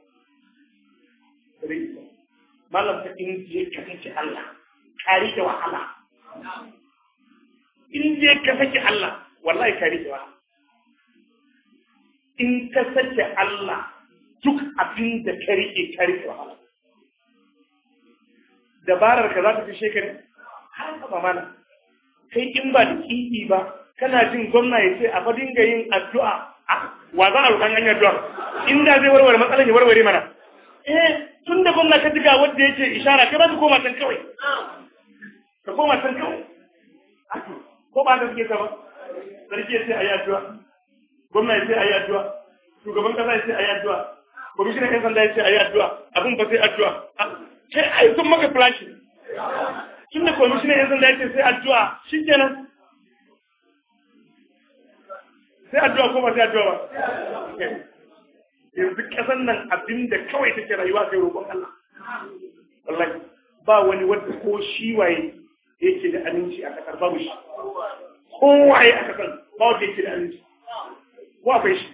C: zai malam ta in je ka saki Allah kari da wahala in je ka saki Allah wallahi kari da wahala in ka saki Allah duk abin da ka rike ka rike wahala dabarar ka za ta fi shekari har ka ba mana kai in ba da kiki ba kana jin gwamna ya ce a fa dinga yin addu'a ah, wa za a rukan hanyar addu'a in da zai warware matsalar ya warware mana eh tun da gwamna ka diga wadda yake ishara kai ba ka koma can kawai ka koma can kawai ko ba da suke ta ba sarki ya ce ayi addu'a gwamna ya ce ayi addu'a shugaban kasa ya ce ayi addu'a kwamishinan yan sanda ya ce ayi addu'a abin ba sai addu'a kai ai tun maka flashi tun da kwamishinan yan sanda ya ce sai addu'a shi kenan sai addu'a ko ba sai addu'a ba yanzu kasan nan abin da kawai take rayuwa sai roƙon Allah wallahi ba wani wanda ko shi waye yake da aminci a kasar babu shi
B: ko waye a
C: kasar ba wanda yake da aminci ko akwai shi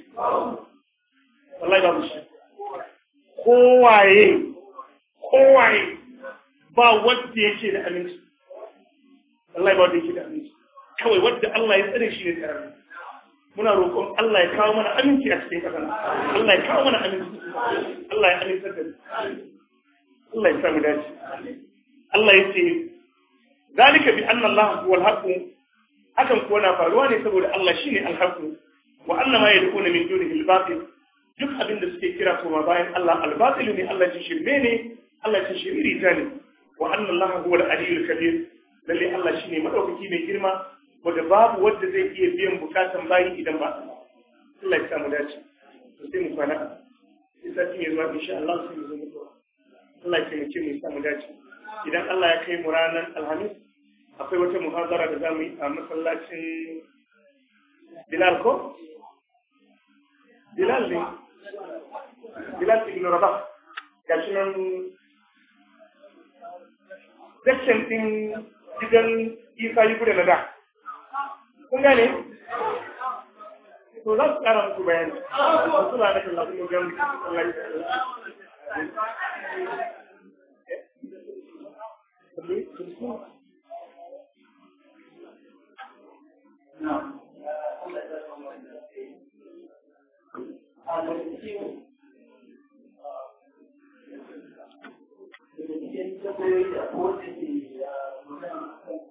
C: wallahi babu shi ko waye ko waye ba wanda yake da aminci wallahi ba wanda yake da aminci kawai wanda Allah ya tsare shi ne tsare muna roƙon Allah ya kawo mana aminci a cikin ƙasar Allah ya kawo mana aminci Allah ya aminta da mu. Allah ya samu dace Allah ya ce zalika bi anna Allah huwal haqq hakan kuwa na faruwa ne saboda Allah shine al-haqq wa anna ma yad'una min dunihi al-batil duk abin da suke kira kuma bayan Allah al-batil ne Allah ya shirme ne Allah ya shirme ta ne wa anna Allah huwal aliyyul kabir lalle Allah shine madaukaki mai girma wanda babu wadda zai iya biyan bukatan bayi idan ba Allah ya samu dace to sai mu kwana sai sati mai zuwa insha Allah sai mu zo Allah ya taimake mu samu dace idan Allah ya kai mu ranar Alhamis akwai wata muhazara da zamu yi a masallacin Bilal ko Bilal ne Bilal ibn Rabah gashi nan section din gidan Isa yi gudu na da kun to za su kara muku bayani su da kan lafi
B: ko Thank you.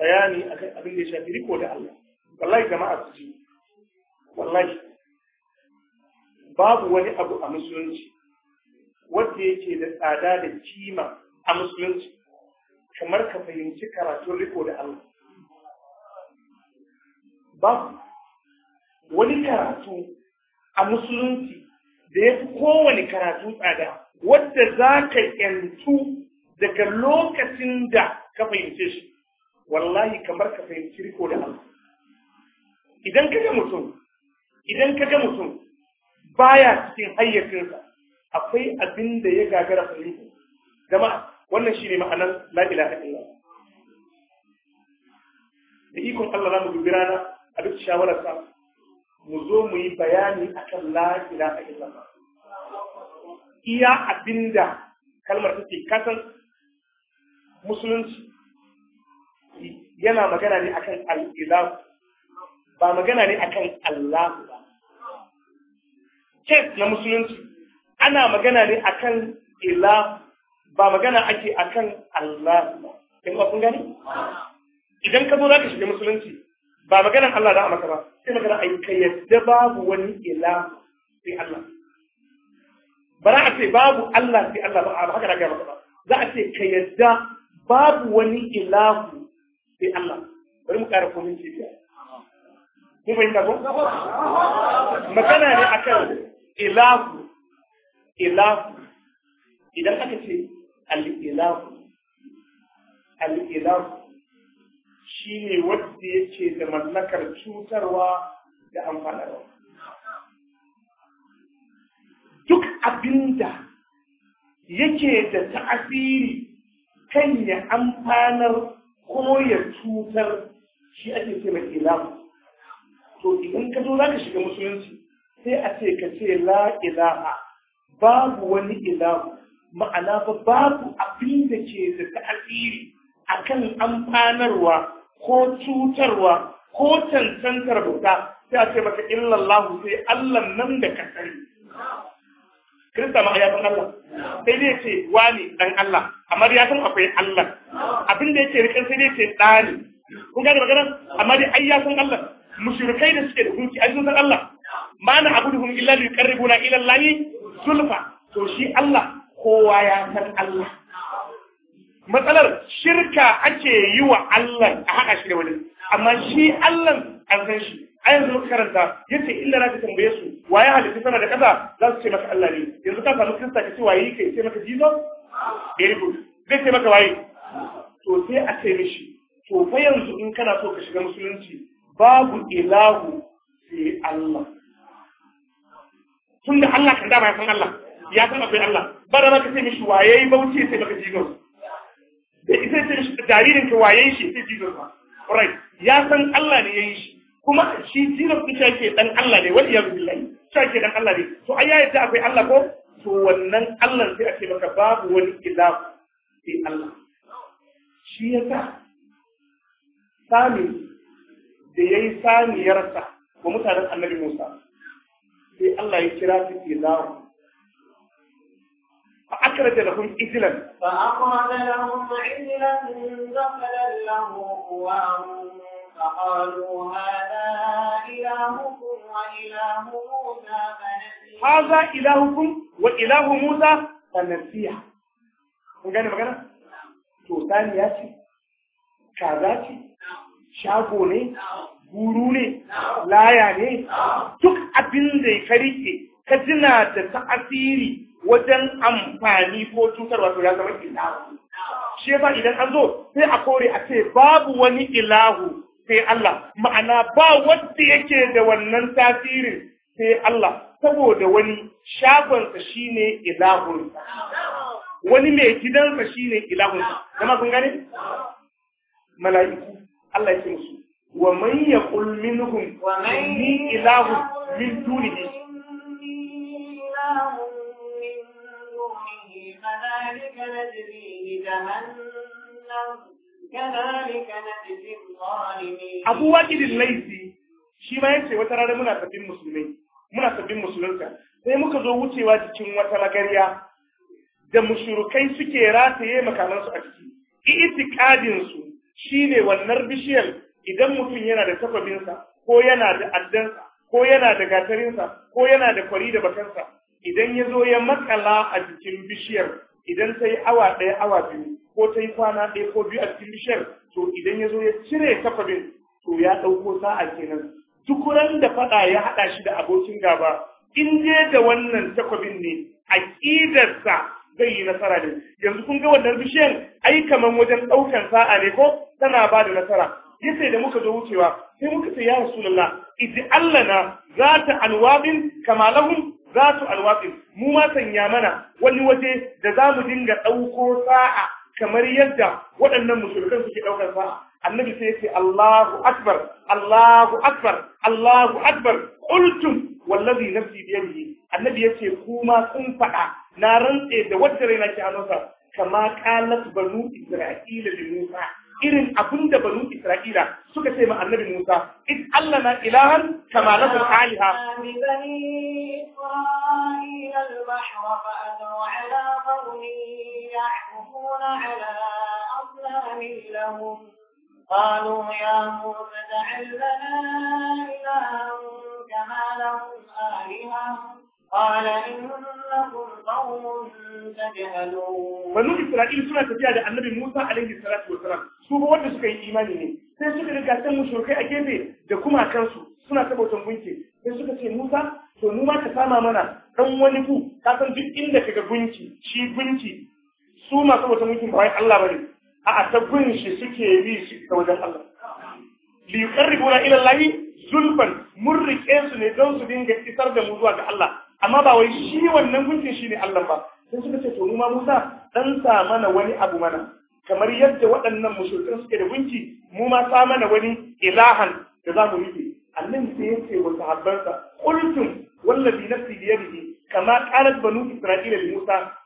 C: bayani akan abin da ya shafi riko da Allah wallahi jama'a su ji wallahi babu wani abu a musulunci wanda yake da tsada da kima a musulunci kamar ka fahimci karatun riko da Allah babu wani karatu a musulunci da ya fi kowane karatu tsada wadda za ka yantu daga lokacin da ka fahimce shi wallahi kamar ka fahimci riko da Allah idan ka ga mutum idan ka ga mutum baya cikin hayyacinsa akwai abin da ya gagara fahimta jama'a wannan shine ma'anar la'ila ilaha illallah da ikon Allah zamu dubi rana a duk shawararsa mu zo mu yi bayani akan la a illallah iya abinda kalmar take kasan musulunci yana magana ne akan al'ilahu ba magana ne akan Allah ba kes na musulunci ana magana ne akan ilah ba magana ake akan Allah ba in ba gani idan ka zo za ka shiga musulunci ba maganan Allah za a maka ba sai magana ai ka yadda babu wani ilah sai Allah ba za a ce babu Allah sai Allah ba haka da ga maka ba za a ce ka yadda babu wani ilahu sai Allah bari mu ƙara komin cibiya mun fahimta ko magana ne a akan ilahu ilahu idan aka ce al-ilahu al-ilahu shine wanda yake da mallakar cutarwa da amfanarwa duk abinda yake da ta'asiri kan ya amfanar Koya ya cutar shi ake ce mai ilahu to idan ka zo za ka shiga musulunci sai a ce ka ce la ilaha babu wani ilahu ma'ana ba babu abin da ke da ta'asiri akan amfanarwa ko cutarwa ko cancantar bauta sai a ce maka illallahu sai Allah nan da ka sani Kirista ma ya san Allah sai dai ce wani dan Allah amma ya san akwai Allah abin da yake rikan sai dai ce ɗani kun gane magana amma dai ai ya san Allah mushrikai da suke da gunki ai sun san Allah ma na abuduhum illa li yuqarribuna ila Allah zulfa to shi Allah kowa ya san Allah matsalar shirka ake yi wa Allah a haɗa shi da wani amma shi Allah an san shi a yanzu karanta yace illa na ta tambaye su waye halitta sama da ƙasa za su ce maka Allah ne yanzu ka samu kirista ka ce waye yake ce maka jizo very good zai ce maka waye to sai a ce mishi to fa yanzu in kana so ka shiga musulunci babu ilahu sai Allah tunda Allah kan dama ya san Allah ya san akwai Allah ba da ka ce mishi waye bauchi sai baka gaba. da ita ce jaririn ka waye shi sai jigon ba right ya san Allah ne yayin shi kuma shi ku din ke dan Allah ne wani ya billahi ke dan Allah ne to ayya ya akwai Allah ko to wannan Allah sai a ce maka babu wani ilahu sai Allah shi ya sa sami da ya yi saniyarsa ga mutanen annabi Musa sai Allah ya kira su ke zawo fa akrata lahum ijlan
B: fa
A: akrata lahum ijlan dakhala lahu qawam فقالوا هذا إلهكم وإله موسى فنسيه هذا
C: إلهكم وإله موسى فنسيه. مجانا مجانا؟ to ce kaza ce shago ne guru ne laya ne duk abin da ka karike, ka jina da ta'asiri wajen amfani ko cutarwa to ya zama ilahu shi yasa idan an zo sai a kore a ce babu wani ilahu sai Allah ma'ana ba wanda yake da wannan tasirin sai Allah saboda wani shagonsa shine ilahun wani mai gidansa shine ilahunsa kama kun gane mala'iku Allah ya ce musu wa man yaqul minhum ni ilahu min
A: dunihi كذلك نجريه جهنم كذلك
C: shi ma yace wata rana muna sabbin musulmai muna sabbin musulunta sai muka zo wucewa cikin wata magarya da mushrikai suke rataye makamansu a ciki itikadin su shine wannan bishiyar idan mutum yana da takwabinsa ko yana da addansa ko yana da gatarinsa ko yana da kwari da bakansa idan ya zo ya makala a jikin bishiyar idan ta yi awa ɗaya awa biyu ko ta yi kwana ɗaya ko biyu a cikin bishiyar to idan ya zo ya cire takwabin to ya ɗauko sa'a kenan tukuran da faɗa ya haɗa shi da abokin gaba in je da wannan takwabin ne aƙidarsa zai yi nasara ne yanzu kun ga wannan bishiyar ai kaman wajen ɗaukan sa'a ne ko tana ba da nasara yace da muka zo wucewa sai muka ce ya rasulullah idi allana zata alwabin kama lahum zatu alwabin mu ma sanya mana wani waje da za mu dinga ɗauko sa'a kamar yadda waɗannan musulkan suke ɗaukar sa'a annabi sai yace Allahu akbar Allahu akbar Allahu akbar qultum والذي نفسي بيده النبي يتي كوما كن فدا نارنتي ده وجه رينا انوسا كما قالت بنو اسرائيل لموسى irin abin da banu Isra'ila suka ce ma annabi Musa in Allah na ilahan kama lahu
A: aliha قالوا يا موسى اجعل لنا ما لهم
C: suna tafiya da annabi Musa بنو إسرائيل سنة تجاه النبي موسى عليه wanda suka yi imani ne sai suka riga mu mushrikai a gefe da kuma kansu suna ta bautan gunki sai suka ce Musa to mu ma ka sama mana dan wani ku ka san duk inda kaga gunki shi gunki su masu bautan gunki ba wai Allah bane a a ta gunshi suke bi shi ta wajen Allah
B: li yuqarribuna
C: ila zulfan mun riƙe su ne don su dinga isar da mu zuwa ga Allah amma ba wai shi wannan gunkin shi ne Allah ba sai suka ce to mu ma Musa dan sa mana wani abu mana kamar yadda waɗannan mushrikan suke da gunki mu ma sa mana wani ilahan da za mu riƙe annan sai ya ce wa sahabbansa qultum wallazi nafsi bi yadihi kama qalat banu isra'ila li Musa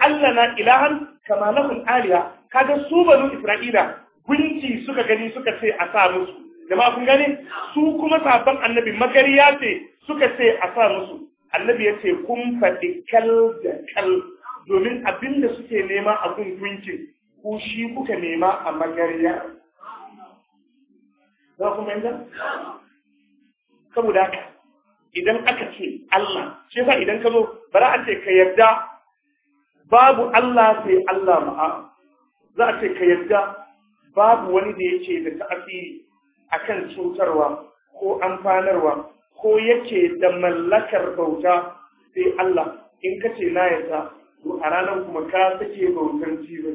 C: Allah na ilahan kama lahum aliha kaga su banu isra'ila gunki suka gani suka ce a sa musu jama'a kun gane su kuma sabon annabi magariya ce suka ce a sa musu annabi ya ce kun faɗi kal da kal domin abin da suke nema a gungunkin ko shi kuka nema a magariya za ku manta saboda haka idan aka ce Allah shi yasa idan ka zo bara a ce ka yarda babu Allah sai Allah ma'a za a ce ka yarda babu wani da yake da ta'asiri akan cutarwa ko amfanarwa ko yake da mallakar bauta sai Allah in ka ce na yarda to a ranar kuma ka sake bautar jiwa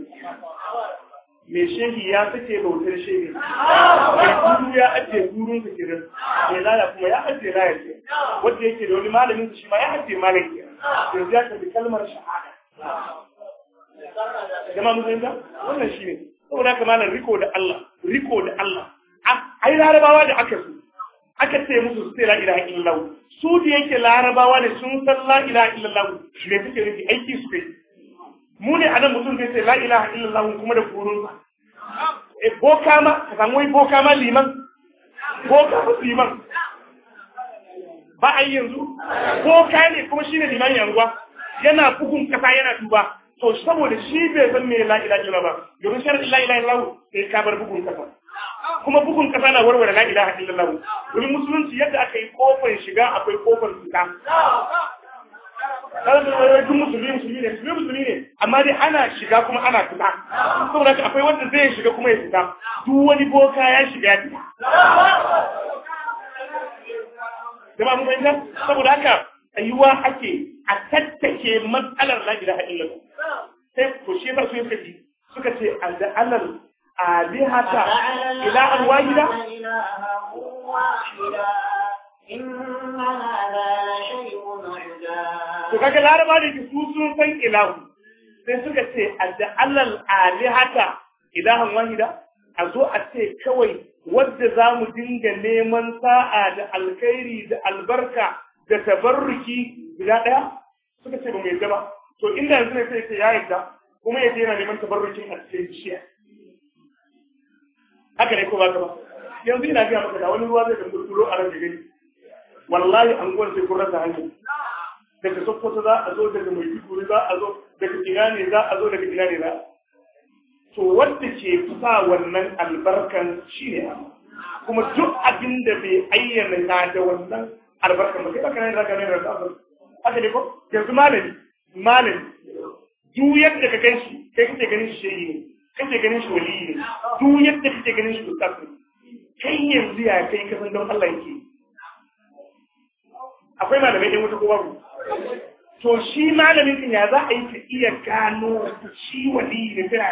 C: me shehi ya sake bautar shehi mai guru ya ajiye gurun ka kirin mai lalata kuma ya ajiye na ce wanda yake da wani malamin shi ma ya ajiye malam ya yanzu ya tafi kalmar shahada
B: jama'a mun fahimta wannan
C: ne saboda haka malam riko da Allah riko da Allah ai larabawa da aka su aka ce musu su ce la ilaha illallah su da yake larabawa ne sun san la ilaha illallah me suke nufi aiki su kai mu ne anan mutum zai ce la ilaha illallah kuma da kurunsa e eh, boka ma ka san wai boka ma liman
B: boka ma liman
C: ba ai yanzu boka ne kuma shine liman yanzu yana bugun kasa yana duba to saboda shi bai san me la ilaha illallah ba domin sharadin la ilaha illallah sai ka bar bugun kasa kuma bugun kasa na warware la ilaha illallah domin musulunci yadda aka yi kofar shiga akwai kofar fita Ɗan musulmi musulmi ne, musulmi musulmi ne, amma dai ana shiga kuma ana fita. Saboda haka akwai wanda zai shiga kuma ya fita, duk wani boka ya shiga ya fita.
B: Jama'a mun fahimta? Saboda haka
C: tsayuwa ake a tattake matsalar la ilaha illallah. Sai ko shi yasa su suka ce al'alar آلهة إلها واحدا to kaga laraba da ke su sun san ilahu sai suka ce adda alal alihata ilahan wahida a zo a ce kawai wadda za mu dinga neman sa'a da alkhairi da albarka da tabarruki guda ɗaya suka ce ba mu yadda ba to inda yanzu ne sai ya yarda kuma ya je yana neman tabarrukin a cikin haka ne ko ba ka ba yanzu ina ga maka da wani ruwa zai kan burkuro a ran da gani wallahi an gwan sai kun rasa hanyar daga sokoto za a zo daga mai maiduguri za a zo daga ina ne za a zo daga ina ne za to wanda ke sa wannan albarkan shine Allah kuma duk abin da bai ayyana na da wannan albarkar ba kai ba kana raga ne da sabar haka ne ko yanzu malami malami duk yadda ka kai shi kai kake ganin shi ne kake ganin shi wali ne duk yadda kake ganin shi ustaz ne kai yanzu ya kai ka san don Allah yake akwai malamai ɗan ko kowa to shi malamin din ya za a yi ta iya gano shi wali ne tana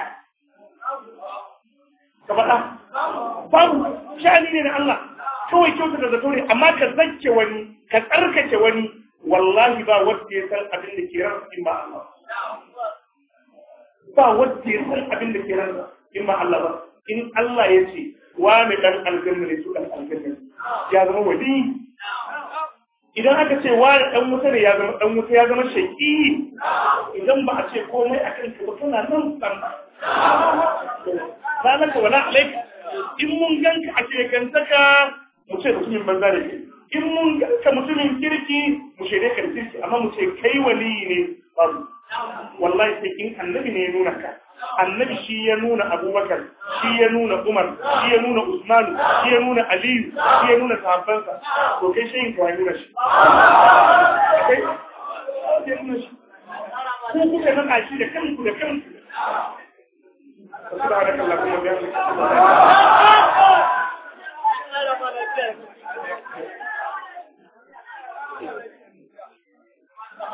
B: ka faɗa babu
C: shani ne na Allah kawai kyauta da zato amma ka zakke wani ka tsarkake wani wallahi ba wanda ya san abin da ke rarrakin ba Allah ba wanda ya san abin da ke ransa in ba Allah ba in Allah ya ce wa mai dan aljanna ne su dan aljanna ya zama wali idan aka ce wa da dan wuta ne ya zama dan wuta ya zama shaki idan ba a ce komai a ka ba kana nan dan ba na laka wala alaik in mun ganka a ce gantaka mu ce mutumin banza ne in mun ganka mutumin kirki mu shaide kan kirki amma mu ce kai wali ne babu wallahi sai in annabi ne ya nuna ka annabi shi ya nuna abubakar shi ya nuna umar shi ya nuna usmanu shi ya nuna aliyu shi ya nuna sahabbansa to kai shi yin kawai nuna shi ya nuna shi ko kuka nuna shi da kanku da kanku
B: Thank you.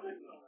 B: behind them.